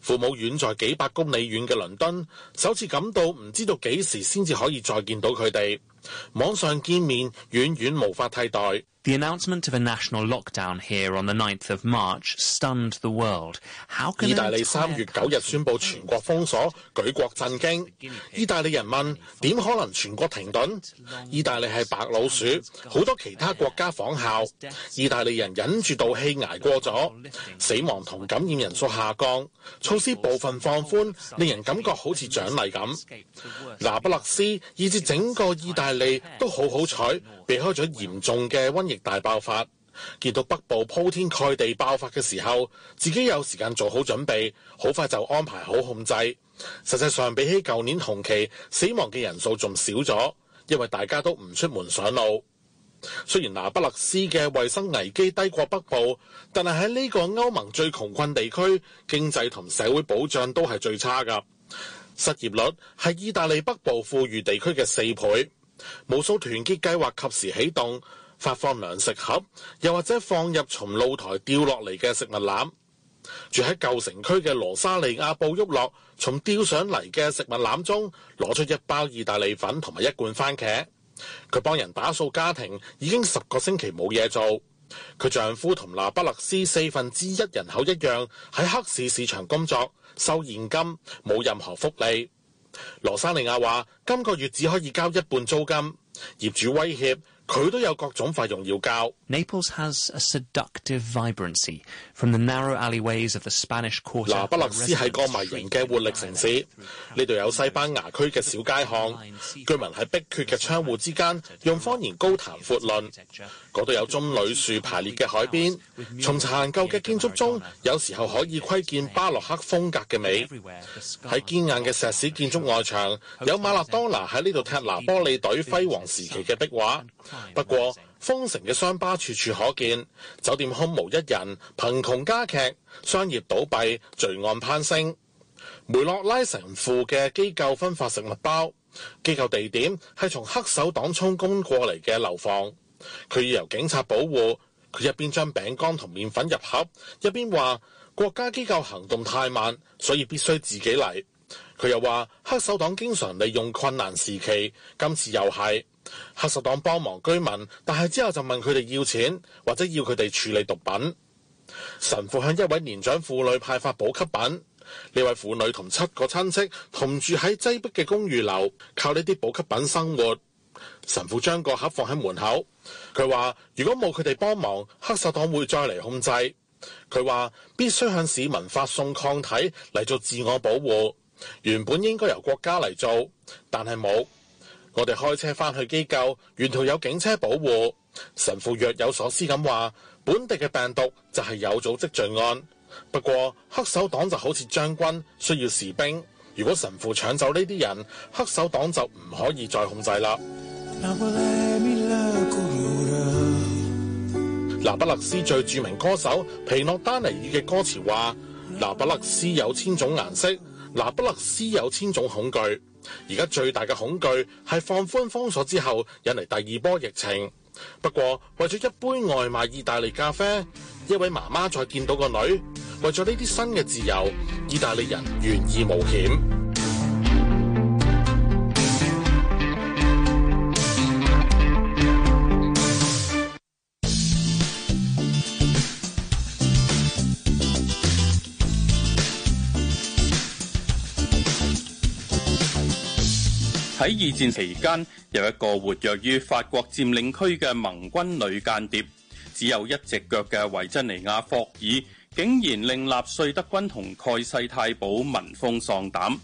Speaker 5: 父母遠在幾百公里遠嘅倫敦，首次感到唔知道幾時先至可以再見到佢哋。網上見面遠遠無法替代。The
Speaker 2: announcement of a national lockdown here on the 9th of March stunned the world。意大利三月
Speaker 5: 九日宣布全國封鎖，舉國震驚。意大利人問：點可能全國停頓？意大利係白老鼠，好多其他國家仿效。意大利人忍住到氣挨過咗，死亡同感染人數下降，措施部分放寬，令人感覺好似獎勵咁。那不勒斯以至整個意大利。都好好彩，避開咗嚴重嘅瘟疫大爆發。見到北部鋪天蓋地爆發嘅時候，自己有時間做好準備，好快就安排好控制。實際上，比起舊年同期，死亡嘅人數仲少咗，因為大家都唔出門上路。雖然拿不勒斯嘅衛生危機低過北部，但係喺呢個歐盟最窮困地區，經濟同社會保障都係最差㗎。失業率係意大利北部富裕地區嘅四倍。無數團結計劃及時啟動，發放糧食盒，又或者放入從露台掉落嚟嘅食物籃。住喺舊城區嘅羅莎利亞布郁洛，洛，從吊上嚟嘅食物籃中攞出一包意大利粉同埋一罐番茄。佢幫人打掃家庭，已經十個星期冇嘢做。佢丈夫同拿不勒斯四分之一人口一樣，喺黑市市場工作，收現金，冇任何福利。羅莎尼亞話：今個月只可以交一半租金，業主威脅，佢都有各種費用要交。
Speaker 7: 那不勒斯
Speaker 8: 係
Speaker 5: 個迷人嘅活力城市，呢度有西班牙區嘅小街巷，居民喺逼仄嘅窗戶之間用方言高談闊論。嗰度有棕櫚樹排列嘅海邊，從殘舊嘅建築中，有時候可以窺見巴洛克風格嘅美。喺堅硬嘅石屎建築外牆，有馬拉多拿喺呢度踢拿玻里隊輝煌時期嘅壁畫。不過，封城嘅傷疤處處可見，酒店空無一人，貧窮加劇，商業倒閉，罪案攀升。梅洛拉神父嘅機構分發食物包，機構地點係從黑手黨充攻過嚟嘅樓房。佢要由警察保護，佢一邊將餅乾同麵粉入盒，一邊話國家機構行動太慢，所以必須自己嚟。佢又話黑手黨經常利用困難時期，今次又係。黑手黨幫忙居民，但係之後就問佢哋要錢，或者要佢哋處理毒品。神父向一位年長婦女派發補給品，呢位婦女同七個親戚同住喺擠迫嘅公寓樓，靠呢啲補給品生活。神父將個盒放喺門口，佢話如果冇佢哋幫忙，黑手黨會再嚟控制。佢話必須向市民發送抗體嚟做自我保護。原本應該由國家嚟做，但係冇。我哋開車返去機構，沿途有警車保護。神父若有所思咁話：本地嘅病毒就係有組織罪案。不過黑手黨就好似將軍，需要士兵。如果神父搶走呢啲人，黑手黨就唔可以再控制啦。拿不勒斯最著名歌手皮諾丹尼爾嘅歌詞話：拿不勒斯有千種顏色，拿不勒斯有千種恐懼。而家最大嘅恐懼係放寬封鎖之後引嚟第二波疫情。不過為咗一杯外賣意大利咖啡，一位媽媽再見到個女，為咗呢啲新嘅自由，意大利人願意冒險。
Speaker 1: 喺二戰期間，有一個活躍於法國佔領區嘅盟軍女間諜，只有一隻腳嘅維珍尼亞霍爾，竟然令納粹德軍同蓋世太保聞風喪膽。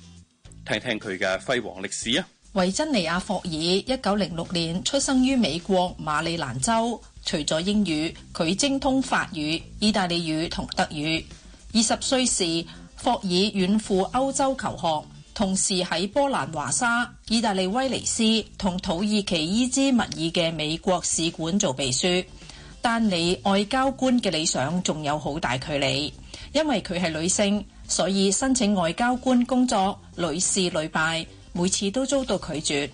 Speaker 1: 聽聽佢嘅輝煌歷史啊！
Speaker 8: 維
Speaker 6: 珍尼亞霍爾，一九零六年出生於美國馬里蘭州，除咗英語，佢精通法語、意大利語同德語。二十歲時，霍爾遠赴歐洲求學。同時喺波蘭華沙、意大利威尼斯同土耳其伊茲密爾嘅美國使館做秘書，但離外交官嘅理想仲有好大距離，因為佢係女性，所以申請外交官工作屢試屢敗，每次都遭到拒絕。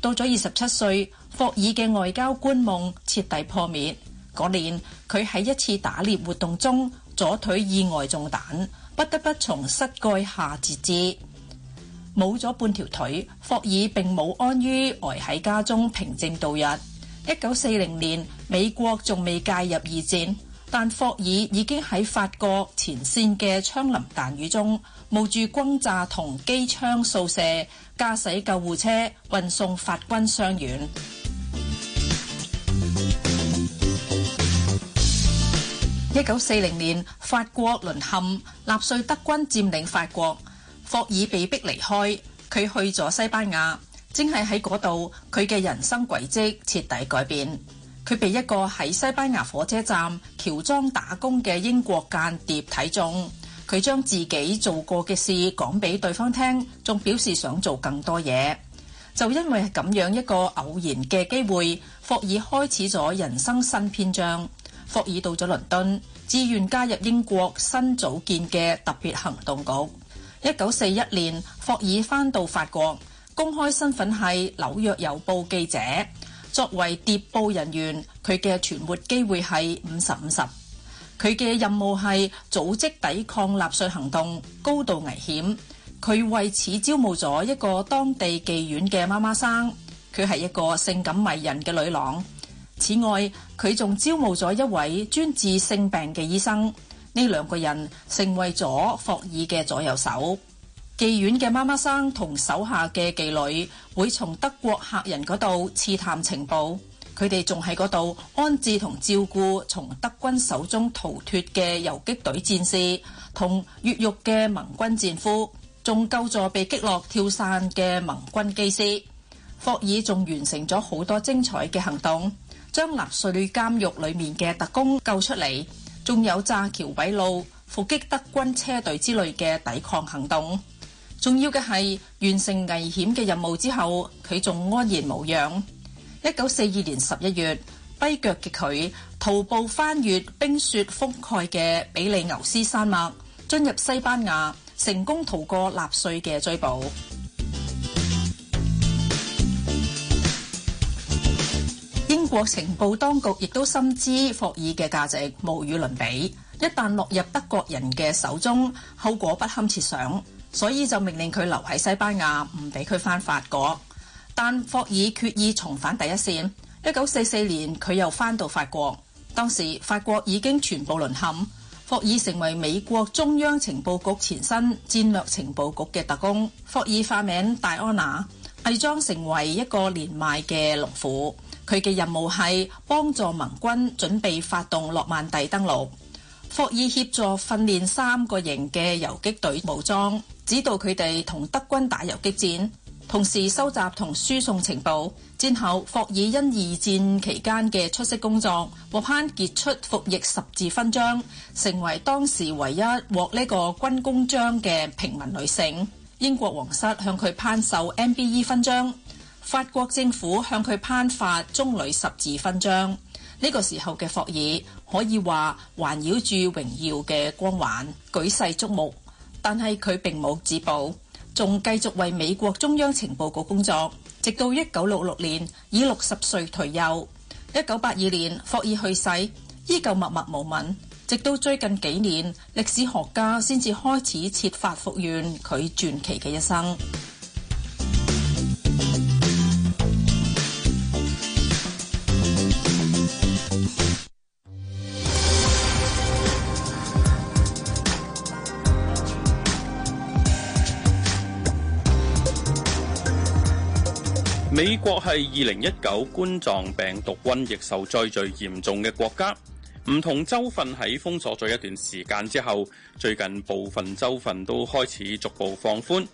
Speaker 6: 到咗二十七歲，霍爾嘅外交官夢徹底破滅。嗰年佢喺一次打獵活動中左腿意外中彈，不得不從膝蓋下截肢。冇咗半條腿，霍爾並冇安於呆喺家中平靜度日。一九四零年，美國仲未介入二戰，但霍爾已經喺法國前線嘅槍林彈雨中，冒住轟炸同機槍掃射，駕駛救護車運送法軍傷員。一九四零年，法國淪陷，納粹德軍佔領法國。霍爾被迫離開，佢去咗西班牙，正係喺嗰度，佢嘅人生軌跡徹底改變。佢被一個喺西班牙火車站喬裝打工嘅英國間諜睇中，佢將自己做過嘅事講俾對方聽，仲表示想做更多嘢。就因為咁樣一個偶然嘅機會，霍爾開始咗人生新篇章。霍爾到咗倫敦，自願加入英國新組建嘅特別行動局。一九四一年，霍爾返到法國，公開身份係紐約郵報記者。作為諜報人員，佢嘅存活機會係五十五十。佢嘅任務係組織抵抗納粹行動，高度危險。佢為此招募咗一個當地妓院嘅媽媽生，佢係一個性感迷人嘅女郎。此外，佢仲招募咗一位專治性病嘅醫生。呢兩個人成為咗霍爾嘅左右手，妓院嘅媽媽生同手下嘅妓女會從德國客人嗰度刺探情報，佢哋仲喺嗰度安置同照顧從德軍手中逃脫嘅游擊隊戰士，同越獄嘅盟軍戰俘，仲救助被擊落跳傘嘅盟軍機師。霍爾仲完成咗好多精彩嘅行動，將納粹監獄裏面嘅特工救出嚟。仲有炸橋毀路、伏擊德軍車隊之類嘅抵抗行動。重要嘅係完成危險嘅任務之後，佢仲安然無恙。一九四二年十一月，跛腳嘅佢徒步翻越冰雪覆蓋嘅比利牛斯山脈，進入西班牙，成功逃過納粹嘅追捕。英國情報當局亦都深知霍爾嘅價值無與倫比，一旦落入德國人嘅手中，後果不堪設想，所以就命令佢留喺西班牙，唔俾佢返法國。但霍爾決意重返第一線。一九四四年，佢又返到法國，當時法國已經全部淪陷。霍爾成為美國中央情報局前身戰略情報局嘅特工。霍爾化名戴安娜，偽裝成為一個年邁嘅農婦。佢嘅任務係幫助盟軍準備發動諾曼第登陸，霍爾協助訓練三個營嘅游擊隊武裝，指導佢哋同德軍打游擊戰，同時收集同輸送情報。戰後，霍爾因二戰期間嘅出色工作，獲頒傑出服役十字勳章，成為當時唯一獲呢個軍功章嘅平民女性。英國皇室向佢頒授 MBE 勳章。法國政府向佢頒發中旅十字勳章，呢、這個時候嘅霍爾可以話環繞住榮耀嘅光環，舉世矚目。但係佢並冇止步，仲繼續為美國中央情報局工作，直到一九六六年以六十歲退休。一九八二年霍爾去世，依舊默默無聞。直到最近幾年，歷史學家先至開始設法復原佢傳奇嘅一生。
Speaker 1: 美國係二零一九冠狀病毒瘟疫受災最嚴重嘅國家，唔同州份喺封鎖咗一段時間之後，最近部分州份都開始逐步放寬。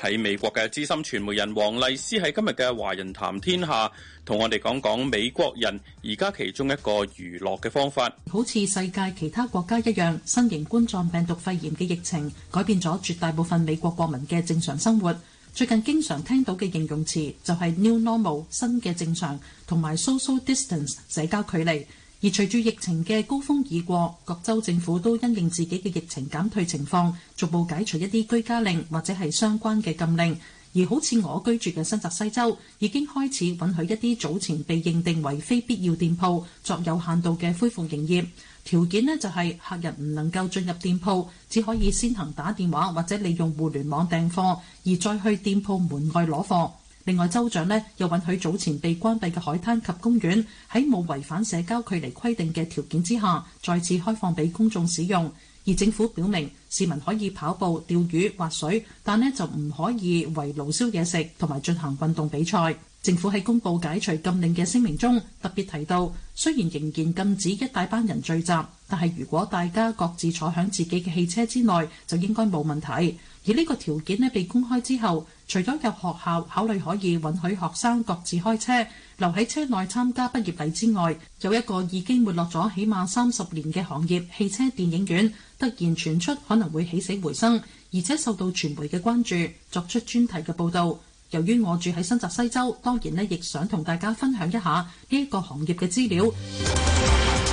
Speaker 1: 喺美國嘅資深傳媒人黃麗思喺今日嘅《華人談天下》同我哋講講美國人而家其中一個娛樂嘅方法。
Speaker 8: 好似世界其他國家一樣，新型冠狀病毒肺炎嘅疫情改變咗絕大部分美國國民嘅正常生活。最近經常聽到嘅形容詞就係 new normal 新嘅正常，同埋 social distance 社交距離。而隨住疫情嘅高峰已過，各州政府都因應自己嘅疫情減退情況，逐步解除一啲居家令或者係相關嘅禁令。而好似我居住嘅新澤西州，已經開始允許一啲早前被認定為非必要店鋪作有限度嘅恢復營業。條件呢，就係客人唔能夠進入店鋪，只可以先行打電話或者利用互聯網訂貨，而再去店鋪門外攞貨。另外，州長呢，又允許早前被關閉嘅海灘及公園喺冇違反社交距離規定嘅條件之下，再次開放俾公眾使用。而政府表明，市民可以跑步、釣魚、滑水，但呢，就唔可以圍爐燒嘢食同埋進行運動比賽。政府喺公布解除禁令嘅聲明中，特別提到，雖然仍然禁止一大班人聚集，但係如果大家各自坐響自己嘅汽車之內，就應該冇問題。而呢個條件咧被公開之後，除咗有學校考慮可以允許學生各自開車留喺車內參加畢業禮之外，有一個已經沒落咗起碼三十年嘅行業——汽車電影院，突然傳出可能會起死回生，而且受到傳媒嘅關注，作出專題嘅報道。由於我住喺新澤西州，當然咧，亦想同大家分享一下呢一個行業嘅資料。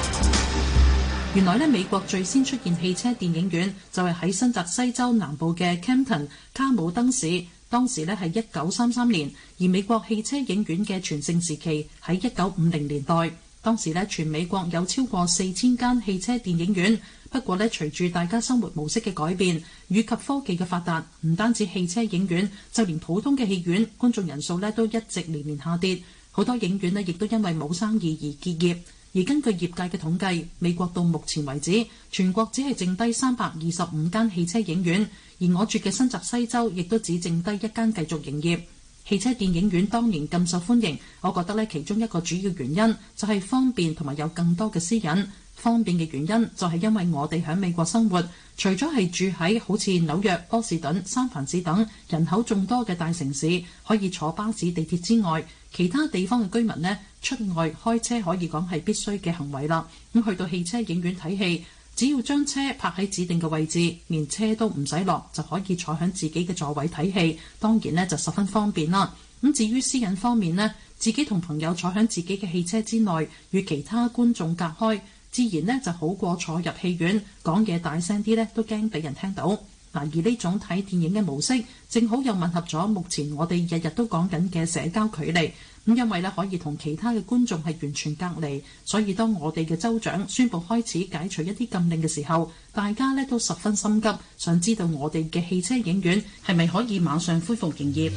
Speaker 8: 原來咧，美國最先出現汽車電影院就係喺新澤西州南部嘅 Camden 卡姆登市，當時咧係一九三三年。而美國汽車影院嘅全盛時期喺一九五零年代，當時咧全美國有超過四千間汽車電影院。不過咧，隨住大家生活模式嘅改變與及科技嘅發達，唔單止汽車影院，就連普通嘅戲院觀眾人數咧都一直年年下跌。好多影院咧亦都因為冇生意而結業。而根據業界嘅統計，美國到目前為止全國只係剩低三百二十五間汽車影院，而我住嘅新澤西州亦都只剩低一間繼續營業。汽車電影院當年咁受歡迎，我覺得呢其中一個主要原因就係方便同埋有更多嘅私隱。方便嘅原因就係因為我哋喺美國生活，除咗係住喺好似紐約、波士頓、三藩市等人口眾多嘅大城市，可以坐巴士、地鐵之外，其他地方嘅居民呢出外開車可以講係必須嘅行為啦。咁去到汽車影院睇戲。只要將車泊喺指定嘅位置，連車都唔使落就可以坐響自己嘅座位睇戲，當然呢就十分方便啦。咁至於私隱方面呢，自己同朋友坐響自己嘅汽車之內，與其他觀眾隔開，自然呢就好過坐入戲院講嘢大聲啲呢都驚俾人聽到嗱。而呢種睇電影嘅模式，正好又吻合咗目前我哋日日都講緊嘅社交距離。咁因為咧可以同其他嘅觀眾係完全隔離，所以當我哋嘅州長宣布開始解除一啲禁令嘅時候，大家呢都十分心急，想知道我哋嘅汽車影院係咪可以馬上恢復營業？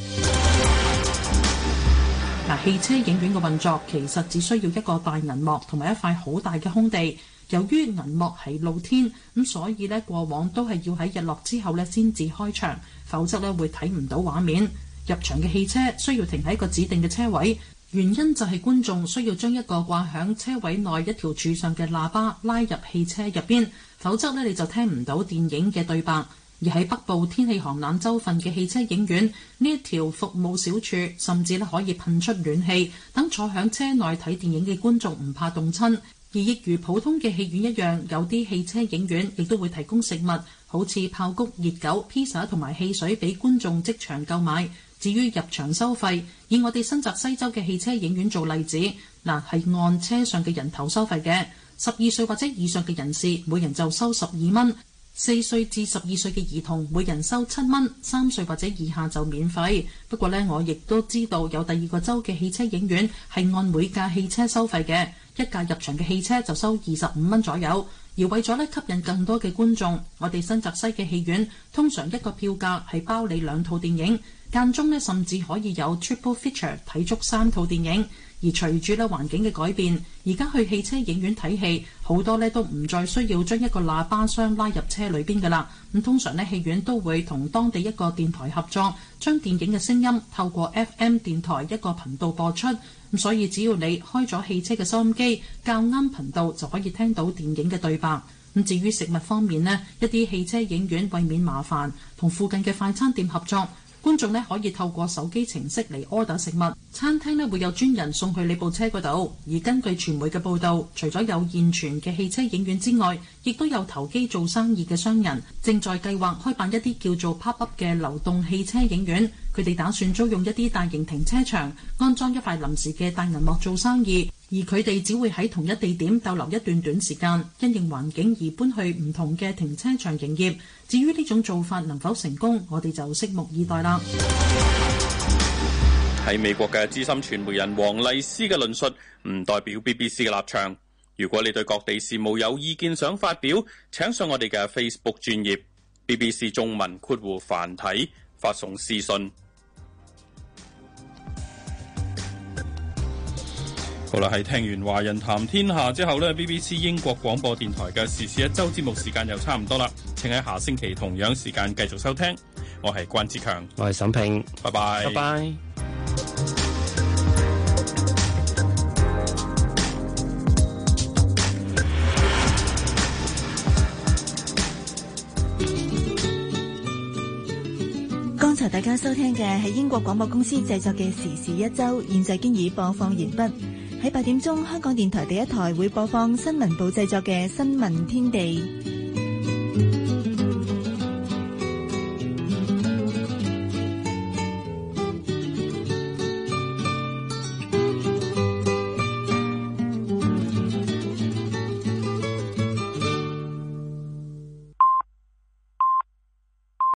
Speaker 8: 嗱， 汽車影院嘅運作其實只需要一個大銀幕同埋一塊好大嘅空地。由於銀幕係露天咁，所以呢，過往都係要喺日落之後呢先至開場，否則呢會睇唔到畫面。入場嘅汽車需要停喺個指定嘅車位，原因就係觀眾需要將一個掛響車位內一條柱上嘅喇叭拉入汽車入邊，否則呢，你就聽唔到電影嘅對白。而喺北部天氣寒冷州份嘅汽車影院，呢一條服務小柱甚至呢可以噴出暖氣，等坐響車內睇電影嘅觀眾唔怕凍親。而亦如普通嘅戲院一樣，有啲汽車影院亦都會提供食物，好似炮谷、熱狗、披薩同埋汽水俾觀眾即場購買。至於入場收費，以我哋新澤西州嘅汽車影院做例子，嗱，係按車上嘅人頭收費嘅。十二歲或者以上嘅人士，每人就收十二蚊；四歲至十二歲嘅兒童，每人收七蚊；三歲或者以下就免費。不過呢，我亦都知道有第二個州嘅汽車影院係按每架汽車收費嘅，一架入場嘅汽車就收二十五蚊左右。而為咗咧吸引更多嘅觀眾，我哋新澤西嘅戲院通常一個票價係包你兩套電影，間中咧甚至可以有 Triple Feature 睇足三套電影。而隨住咧環境嘅改變，而家去汽車影院睇戲，好多咧都唔再需要將一個喇叭箱拉入車裏邊㗎喇。咁通常咧戲院都會同當地一個電台合作，將電影嘅聲音透過 FM 電台一個頻道播出。咁所以只要你開咗汽車嘅收音機，較啱頻道就可以聽到電影嘅對白。咁至於食物方面咧，一啲汽車影院為免麻煩，同附近嘅快餐店合作。觀眾咧可以透過手機程式嚟 order 食物，餐廳咧會有專人送去你部車嗰度。而根據傳媒嘅報道，除咗有現存嘅汽車影院之外，亦都有投機做生意嘅商人正在計劃開辦一啲叫做 pop up 嘅流動汽車影院。佢哋打算租用一啲大型停車場，安裝一塊臨時嘅大銀幕做生意。而佢哋只會喺同一地點逗留一段短時間，因應環境而搬去唔同嘅停車場營業。至於呢種做法能否成功，我哋就拭目以待啦。
Speaker 1: 喺美國嘅資深傳媒人黃麗斯嘅論述，唔代表 BBC 嘅立場。如果你對各地事務有意見想發表，請上我哋嘅 Facebook 專頁。BBC 中文括弧繁體發送私信。好啦，係聽完華人談天下之後呢，BBC 英國廣播電台嘅時事一周節目時間又差唔多啦，請喺下星期同樣時間繼續收聽。我係關志強，
Speaker 2: 我係沈平，
Speaker 1: 拜拜 bye，拜拜 bye。
Speaker 3: 剛才大家收聽嘅係英國廣播公司製作嘅時事一周，現在經已播放完畢。喺八點鐘，香港電台第一台會播放新聞部製作嘅《新聞天地》。